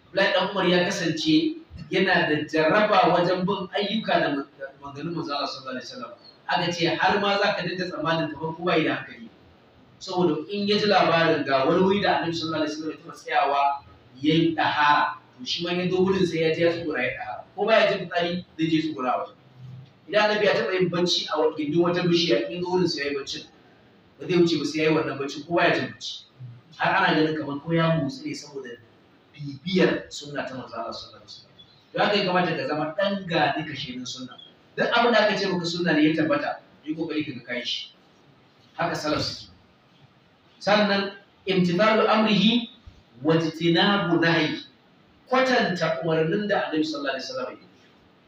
Speaker 1: Abdullahi dan Umar ya kasance yana da jaraba wajen bin ayyuka da maganganun manzo Allah sallallahu alaihi wasallam aka ce har ma za ka dinga tsammanin kamar kuma yi da hankali saboda in ya ji labarin ga wani wuri da annabi sallallahu alaihi wasallam ya taɓa tsayawa ya yi ɗahara to shi ma ya zo sai ya je ya tsugura ya ɗahara ko ba ya ji fitsari zai je tsugura wajen idan annabi ya taɓa yin bacci a gindin wata bishiya in wurin sai ya yi baccin ba zai wuce ba sai ya yi wannan baccin kowa ya ji bacci har ana ganin kamar ko ya motsi ne saboda bibiyar sunna ta manzo Allah sallallahu alaihi wasallam don haka ya kamata ka zama dan ga duka shenin sunna duk abin da aka ce maka sunna ne ya tabbata yi kokari ka kai shi haka salaf suke sannan imtithalu amrihi wa tinabu nahyi kwatanta umarnin da annabi sallallahu alaihi wasallam ya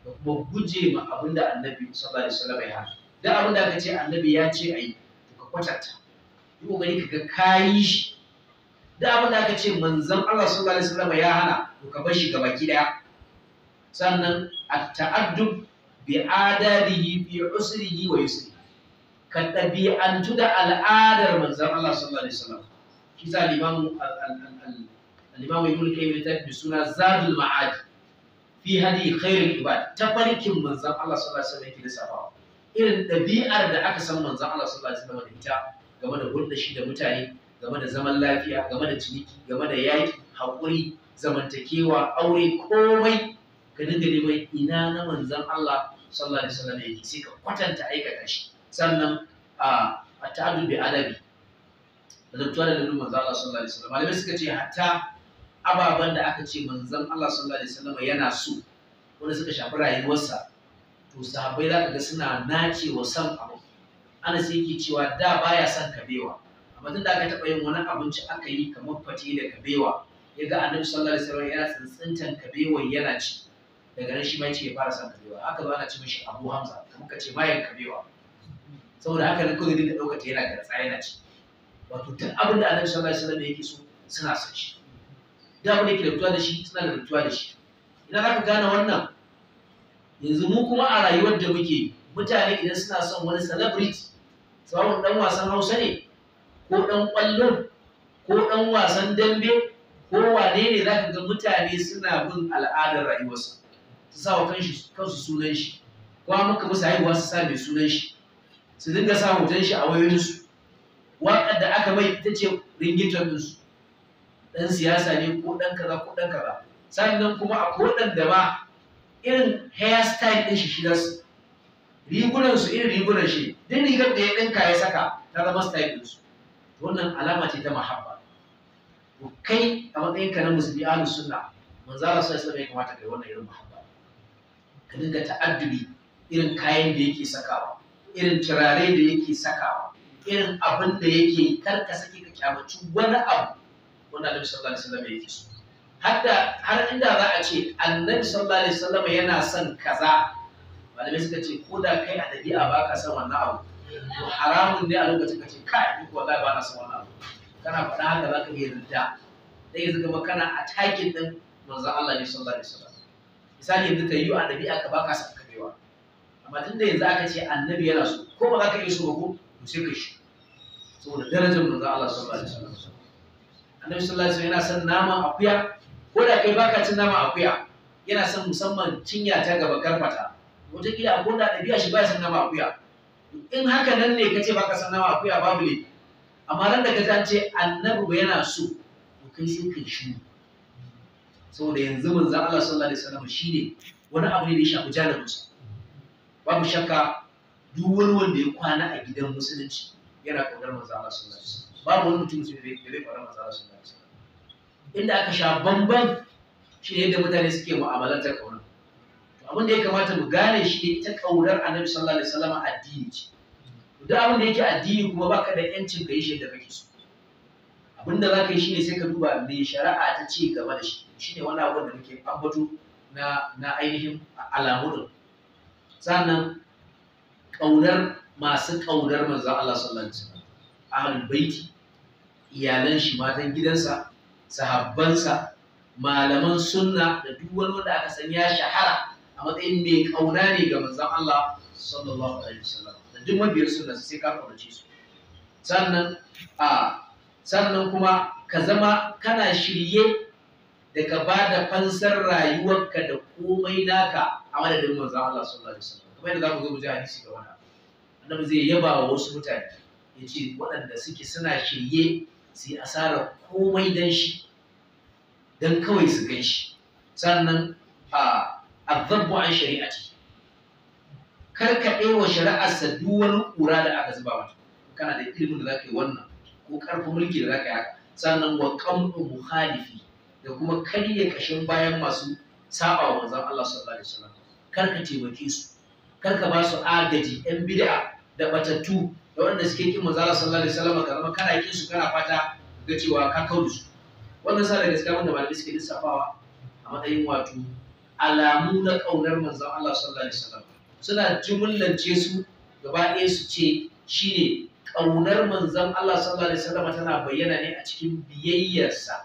Speaker 1: da kuma guje ma abin da annabi sallallahu alaihi wasallam ya hana duk abin da aka ce annabi ya ce ayi to ka kwatanta yi kokari ka ga kayi shi duk abin da aka ce manzon Allah sallallahu alaihi wasallam ya hana to ka bar shi gaba ki daya sannan at-ta'addub bi adadihi bi usrihi wa yusri ka ɗabi'antu da al'adar manzon Allah sallallahu alaihi wasallam shi sa limamu al-imamu ibn qayyim ta bi suna zadul ma'ad fi hadi khairul ibad tafarkin manzon Allah sallallahu alaihi wasallam ke lissafawa irin ɗabi'ar da aka san manzon Allah sallallahu alaihi wasallam da ita game da hulɗa shi da mutane game da zaman lafiya game da ciniki game da yaƙi haƙuri zamantakewa aure komai ka dinga neman ina na manzon Allah sallallahu alaihi wasallam yake sai ka kwatanta aikata shi sannan a ta'addu bi adabi da zantuwa da dalilin manzon Allah sallallahu alaihi wasallam malamai suka ce hatta ababen da aka ce manzon Allah sallallahu alaihi wasallam yana so wanda suka shafi rayuwarsa to sahabbai za ka ga suna nace wa san abu sai yake cewa da baya son kabewa amma tun da aka taɓa yin wani abinci aka yi kamar fate da kabewa ya ga annabi sallallahu alaihi wasallam yana tsintsintan kabewa yana ci daga nan shi ma yake fara son kabewa aka zo ana ci mishi Abu Hamza kamar ka ce bayan kabewa saboda haka nan kawai da ɗaukata yana yana gartsa yana ci wato duk abin da annabi sallallahu alaihi wasallam yake so suna son shi da abin da ke da shi suna da rubutuwa da shi ina za ka gane wannan yanzu mu kuma a rayuwar da muke mutane idan suna son wani celebrity Sabon dan wasan hausa ne ko dan kwallo ko dan wasan dambe ko wane ne za ka ga mutane suna bin al'adar rayuwarsa su sa wa kansu sunan shi ko muka musu haihuwa su sa mai sunan shi su dinga sa hoton shi a wayoyinsu waƙar da aka mai ita ce ringin ɗinsu ɗan siyasa ne ko ɗan kaza ko ɗan kaza sa'in nan kuma a koɗan da ba irin hairstyle ɗin shi shi da rigunan su irin rigunan shi duk rigar da ya ɗinka ya saka ta zama style ɗin su wannan alama ce ta mahabba to kai a matsayin ka na musulmi ahlus sunna manzo za sallallahu alaihi ya kamata kai wannan irin mahabba ka dinga ta'addubi irin kayan da yake sakawa irin turare da yake sakawa irin abin da yake ka sake ka kyamaci wani abu wanda annabi sallallahu alaihi wasallam yake so hadda har inda za a ce annabi sallallahu alaihi wasallam yana son kaza malamai suka ce ko da kai a dabi'a ba ka son wannan abu to haramun ne a lokacin ka ce kai duk wallahi ba na son wannan abu kana faɗa haka za ka iya rinta dai yanzu gaba kana attacking din manzon Allah ne sallallahu alaihi wasallam misali yanzu ka yi a dabi'a ka ba ka son kabewa amma da yanzu aka ce annabi yana so ko ba za ka iya so ba ko to sai ka shi saboda darajar manzon Allah sallallahu alaihi wasallam annabi sallallahu alaihi yana son naman akuya ko da kai baka cin nama akuya yana son musamman cinya ta gaba karfata wata kila ko da ɗabi'a shi baya son nama akuya in haka nan ne kace baka son nama akuya babu ne amma ran da ka ce annabi ba yana so to kai sai kai shi saboda yanzu manzo Allah sallallahu alaihi wasallam shine wani abu ne da ya shafi janibinsa babu shakka duk wani wanda ya kwana a gidan musulunci yana kokarin manzo Allah sallallahu alaihi wasallam babu wani mutum su da bai fara maza su da inda aka sha bamban shi ne yadda mutane suke mu'amalantar ƙauna abin da ya kamata mu gane shi ne ta ƙaunar annabi sallallahu alaihi wasallam addini ce duk abin da yake addini kuma baka da yancin ka yi shi yadda kake so abin da za ka yi shine sai ka duba me shari'a ta ce gaba da shi shine wani abin da muke ambato na na ainihin alamurin sannan ƙaunar masu ƙaunar manzon Allah sallallahu alaihi wasallam ahlul baiti iyalan shi matan gidansa sahabbansa malaman sunna da duk wani wanda aka san ya shahara a matsayin mai kauna ne ga manzon Allah sallallahu alaihi wasallam da duk mabiyar sunna sai ka kaunace su sannan a sannan kuma ka zama kana shirye da ka ba da fansar rayuwarka da komai naka a madadin manzon Allah sallallahu alaihi wasallam kamar yadda za mu zo mu ji hadisi ga wannan annabi zai yaba wa wasu mutane ya waɗanda suke suna shirye su yi asarar komai don shi don kawai su gan shi sannan a azabbu an shari'ati karkaɗe wa shari'arsa duk wani ƙura da aka zuba mata kana da ilimin da za ka yi wannan ko ƙarfin mulki da za ka yi haka sannan wa muhalifi da kuma karya ƙashin bayan masu saba wa manzon Allah sallallahu alaihi wasallam karka taimake su karka ba su agaji yan bid'a da batattu da wanda suke kin manzo Allah sallallahu alaihi wasallam karama kana kin su kana fata ga cewa ka kaudu su wannan sa da gaskiya wanda malami suke lissafawa a matsayin wato alamu na kaunar manzo Allah sallallahu alaihi wasallam suna jumullance su gaba ɗaya su ce shine kaunar manzon Allah sallallahu alaihi wasallam tana bayyana ne a cikin biyayyarsa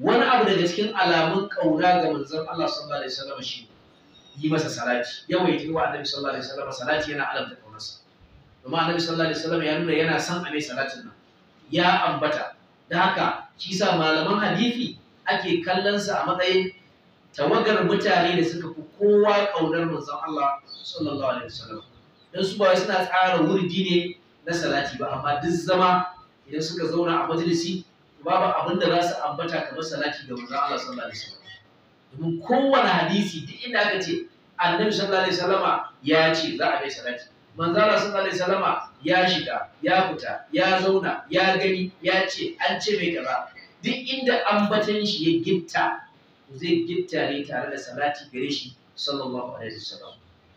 Speaker 1: wani abu daga cikin alamun kauna ga manzon Allah sallallahu alaihi wasallam shi yi masa salati yawaita wa annabi sallallahu alaihi wasallam salati yana alamta domin annabi sallallahu alaihi wasallam ya nuna yana son a salatin nan ya ambata da haka shi sa malaman hadisi ake kallon sa a matsayin
Speaker 2: tawagar mutane da
Speaker 1: suka fi kowa kaunar manzon Allah sallallahu alaihi wasallam dan su ba suna tsara wurdi ne na salati ba amma duk zama idan suka zauna a majalisi babu abin da za su ambata kamar salati ga manzon Allah sallallahu alaihi wasallam domin kowane hadisi duk inda aka ce annabi sallallahu alaihi wasallama ya ce za a bai salati Manzara sallallahu alaihi wasallama ya shiga ya fita ya zauna ya gani ya ce an ce mai gaba. duk inda ambatan shi ya gitta zai gitta ne tare da salati gare shi sallallahu alaihi wasallam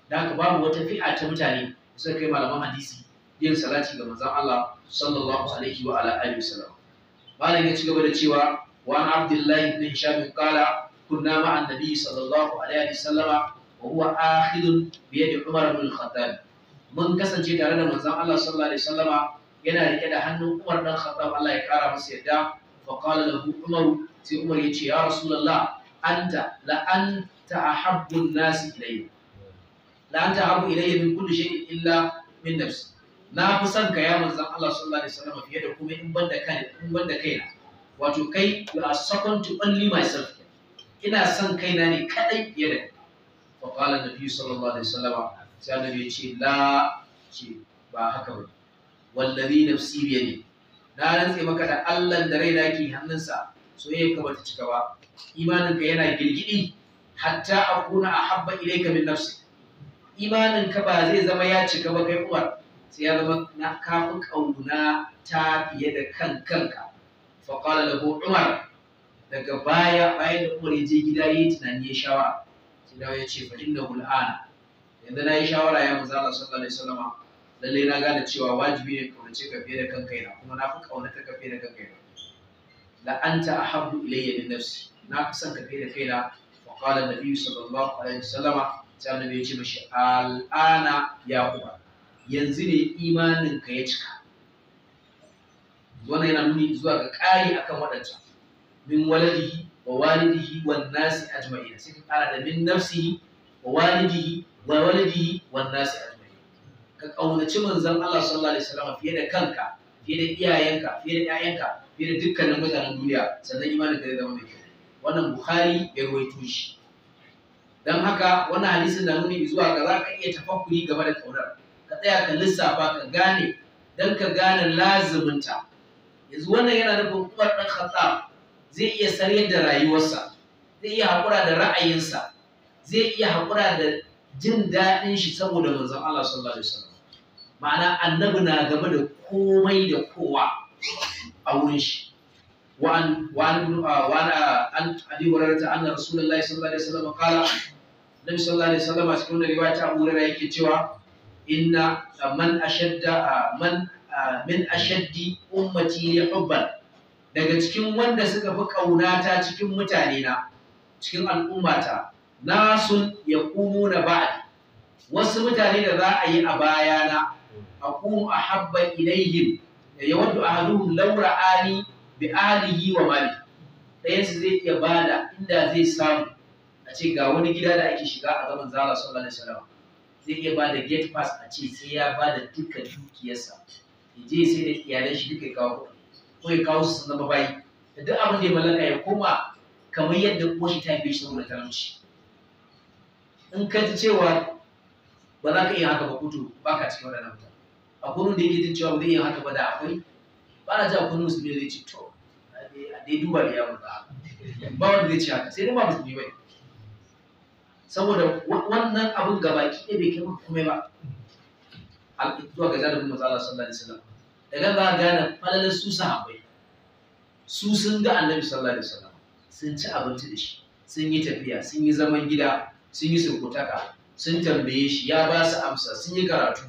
Speaker 1: dan ka babu wata fi'a ta mutane suka kai malaman hadisi yin salati ga manzon Allah sallallahu alaihi wa ala alihi wasallam malam ya ci gaba da cewa wa abdullahi bin shabi qala kunna ma'an nabi sallallahu alaihi wasallama wa huwa akhidun bi yadi umar bin al-khattab mun kasance tare da manzon Allah sallallahu alaihi wasallama yana rike da hannun Umar dan Khattab Allah ya kara masa yadda fa qala lahu Umar sai Umar ya ce ya Rasulullah anta la anta ahabbu an-nas ilayya la anta ahabbu ilayya min kulli shay'in illa min nafsi na fi son ka ya manzon Allah sallallahu alaihi wasallama fiye da kuma in banda kai in banda kai wato kai you are second to only myself ina son kaina ne kadai fiye da fa qala nabi sallallahu alaihi wasallama sai annabi ya ce la ce ba haka ba wallazi nafsi ne. na rantse maka da allan da raina ke hannunsa soyayyarka bata cika ba imaninka yana girgidi hatta akuna ahabba ilayka min nafsi ka ba zai zama ya cika ba kai uwar sai ya zama na kafin kauna ta fiye da kan kanka fa qala lahu umar daga baya bayan da umar ya je gida yayi tunani ya shawara sai dawo ya ce fa innahu al'ana yanzu na yi shawara ya manzo Allah sallallahu alaihi wasallama
Speaker 2: lalle na gane cewa wajibi
Speaker 1: ne kaunace ce kafe da kan kaina kuma na fi kaunatar ka kafe da kan kaina la anta ahabbu ilayya min nafsi na fi son ka da kaina wa qala nabiyyu sallallahu alaihi wasallama sai annabi ya ce mishi al'ana ya uba yanzu ne imanin ka ya cika wannan yana nuni zuwa ga ƙari akan waɗancan min walidihi wa walidihi wan nasi ajma'in sai ka ƙara da min nafsihi wa walidihi wa walidihi wan nasi ajma'in ka kaunaci manzon Allah sallallahu alaihi wasallam fiye da kanka fiye da iyayenka fiye da ƴaƴanka fiye da dukkanin mutanen duniya sannan imanin da zama mai kyau wannan Bukhari ya rawaito shi dan haka wannan hadisin da nuni zuwa ga za ka iya tafakkuri game da kaunar ka tsaya ka lissafa ka gane dan ka gane laziminta yanzu wannan yana nufin Umar dan khata zai iya sarye da rayuwarsa zai iya haƙura da ra'ayinsa zai iya haƙura da jin daɗin shi saboda manzon Allah sallallahu alaihi wasallam ma'ana annabi na game da komai da kowa a wurin shi وعن وعن وعن an ابي هريره ان رسول الله صلى الله عليه وسلم قال النبي صلى الله cikin وسلم cikin ta Abu Hurairah yake cewa inna man ashadda man min ashaddi ummati li hubban daga cikin wanda suka fi kaunata cikin mutane na cikin al'ummata nasun na ba'di wasu mutane da za a yi a bayana a ahabba ilayhim a ahaduhum Laura, Ali, bi alihi wa mali ɗayan su zai iya bada inda zai samu a ce ga wani gida da ake shiga a zaman zara sallallahu alaihi wasallam zai iya bada gate pass a ce sai ya bada dukkan dukiyarsa ya je sai da iyalan shi duka kawo ko ya kawo su zama bayi da duk abin da ya mallaka ya koma kamar yadda ko shi ta biye shi saboda talauci in ka ji cewa ba za ka iya haka ba kutu ba ka cikin wadannan mutane a kunun da yake jin cewa ba zai iya haka ba da akwai ba na ji a kunun musulmi zai ce to a dai duba da yawon ba ba wanda zai ce haka sai dai ba musulmi bai saboda wannan abun ki ɗaya bai kai maka komai ba zuwa ga jadabin matsala sallallahu alaihi wasallam daga ba gane falalar su sahabbai su sun ga annabi sallallahu alaihi wasallam sun ci abinci da shi sun yi tafiya sun yi zaman gida sun yi surkutaka sun tambaye shi ya ba su amsa sun yi karatu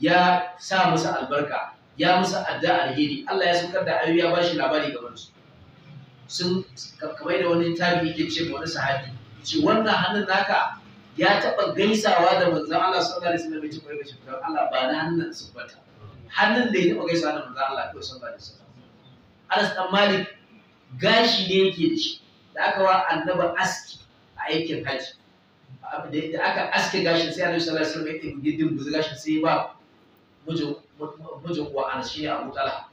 Speaker 1: ya sa musu albarka ya musu adda alheri Allah ya saukar da ayu ya ba shi labari gaban su sun kamar da wani tabi yake ce wani sahabi ce wannan hannun naka ya taɓa gaisawa da manzon Allah sun alaihi wasallam ya cikin kai bace Allah ba na hannun su bata hannun da ya taɓa gaisawa da manzon Allah kai sallallahu alaihi wasallam Anas dan Malik gashi ne yake da shi da aka wa annabi aski a aikin haji da aka aske gashin sai annabi sallallahu alaihi wasallam ya ɗin gidin buzu gashin sai ba mijin kuwa anas shi ne abu talha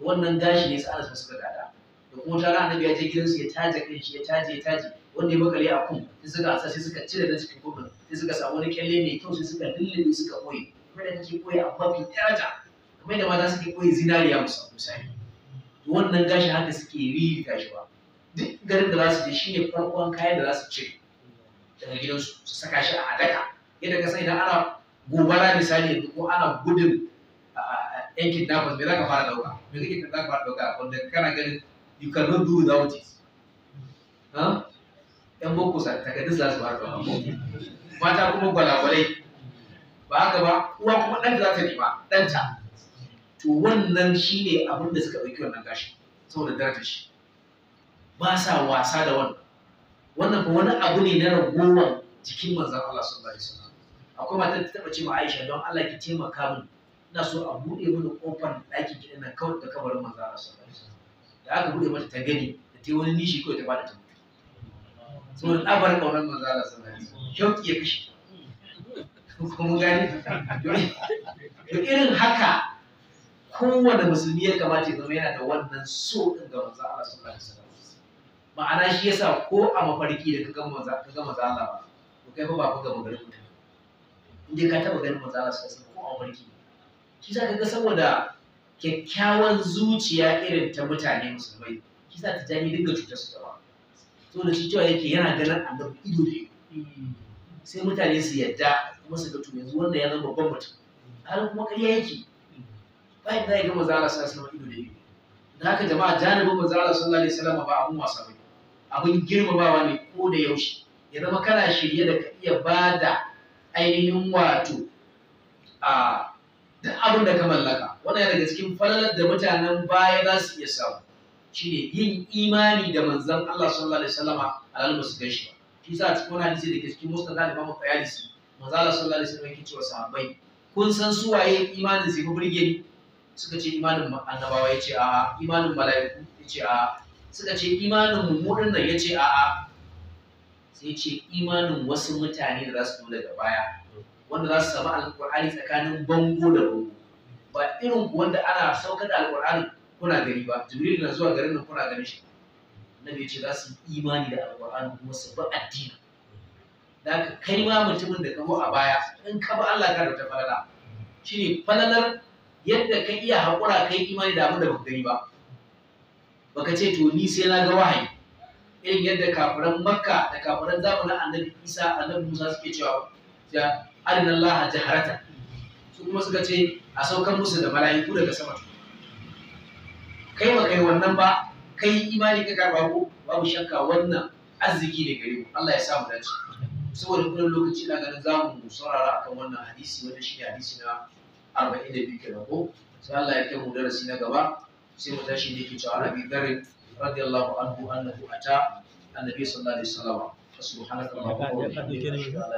Speaker 1: wannan gashi ne sai anas suka gada da kuma tara annabi ya je gidansu ya taje kan shi ya taje ya taje wanda ya makale a kun sai suka asa sai suka cire da cikin kubin sai suka samu wani kyalle mai kyau sai suka lullube suka koyi kuma da kake koyi a mafi daraja kamar da mata suke koyi zinariya misali wannan gashi haka suke yi gashi ba duk garin da za su je shine farkon kayan da za su cire daga gidansu su saka shi a adaka yadda ka san idan ana gobara misali ko ana gudun yan kidnappers me za ka fara dauka me kake za ka fara dauka wanda kana ganin you cannot do without it yan boko sa takardun za su fara dauka mata kuma gwalagwalai ba haka ba uwa kuma ɗan za ta nema ɗanta to wannan shi ne abin da suka ɗauki wannan gashi saboda darajar shi ba sa wasa da wannan wannan ba wani abu ne na ragowar jikin manzan Allah sun bari suna akwai matar ta taba cewa Aisha don Allah ki taimaka min ina so a buɗe mini ƙofar ɗakin gidan na kawai da kabarin manzan Allah sun bari suna da aka buɗe mata ta gani da ta yi wani nishi kawai ta bada ta mutu saboda ɗabar ƙaunar manzan Allah sallallahu alaihi wasallam shauki ya kashe kuma gani to irin haka kowane musulmi ya kamata ya zama yana da wannan so ɗin ga manzan Allah sun bari suna ma'ana shi yasa ko a mafarki da ka maza ka ga maza Allah ba to kai fa ba ku ga magarin mutum inda ka taba ganin maza Allah sai ko a mafarki shi yasa kaga saboda kyakkyawan zuciya irin ta mutane musulmai shi yasa tijani dinga cutar su to saboda shi cewa yake yana ganin annabi ido ne sai mutane su yadda kuma su ga to yanzu wannan ya zama babban mutum har kuma ƙarya yake ba da ya ga maza Allah sai ido da ido da haka jama'a janibin manzo Allah sallallahu alaihi wasallam ba abun wasa ba abin girmamawa ne ko da yaushe ya zama kana shirye da ka iya ba da ainihin wato a duk abin da ka mallaka wannan yana daga cikin falalar da mutanen baya za su iya samu shine yin imani da manzon Allah sallallahu alaihi wasallama alal musu gashi shi yasa cikin wani hadisi da ke cikin musnad da Imam Qayalisi manzon Allah sallallahu alaihi wasallam yake cewa sahabbai kun san su waye imanin sai burge ni suka ce imanin annabawa yace a imanin mala'iku yace a suka ce imanin mummunan nan ya ce a'a sai ce imanin wasu mutane da za su zo daga baya wanda za su samu alƙur'ani tsakanin bango da bango ba irin wanda ana saukar da alƙur'ani kuna gani ba jibril na zuwa garin nan kuna gani shi annabi ya ce za su yi imani da alƙur'ani kuma su bi addini da kai ma mutumin da ka a baya in ka bi Allah ka da ta falala shine falalar yadda ka iya haƙura kai imani da abin da baka gani ba baka ce to ni sai na ga wahayi irin yadda kafiran makka da kafiran zamanin annabi isa annabi musa suke cewa ya arina allaha jaharata su kuma suka ce a saukan musu da mala'iku daga sama kai ba kai wannan ba kai imani ka karba ko babu shakka wannan arziki ne gare mu Allah ya sa mu dace saboda kullum lokaci na ganin za mu saurara akan wannan hadisi wanda shi hadisi na 42 kenan ko sai Allah ya kai mu darasi na gaba sai mu tashi ne ke cewa Abi Dharr radiyallahu anhu annahu ata annabi sallallahu alaihi wasallam subhanaka allahumma wa bihamdika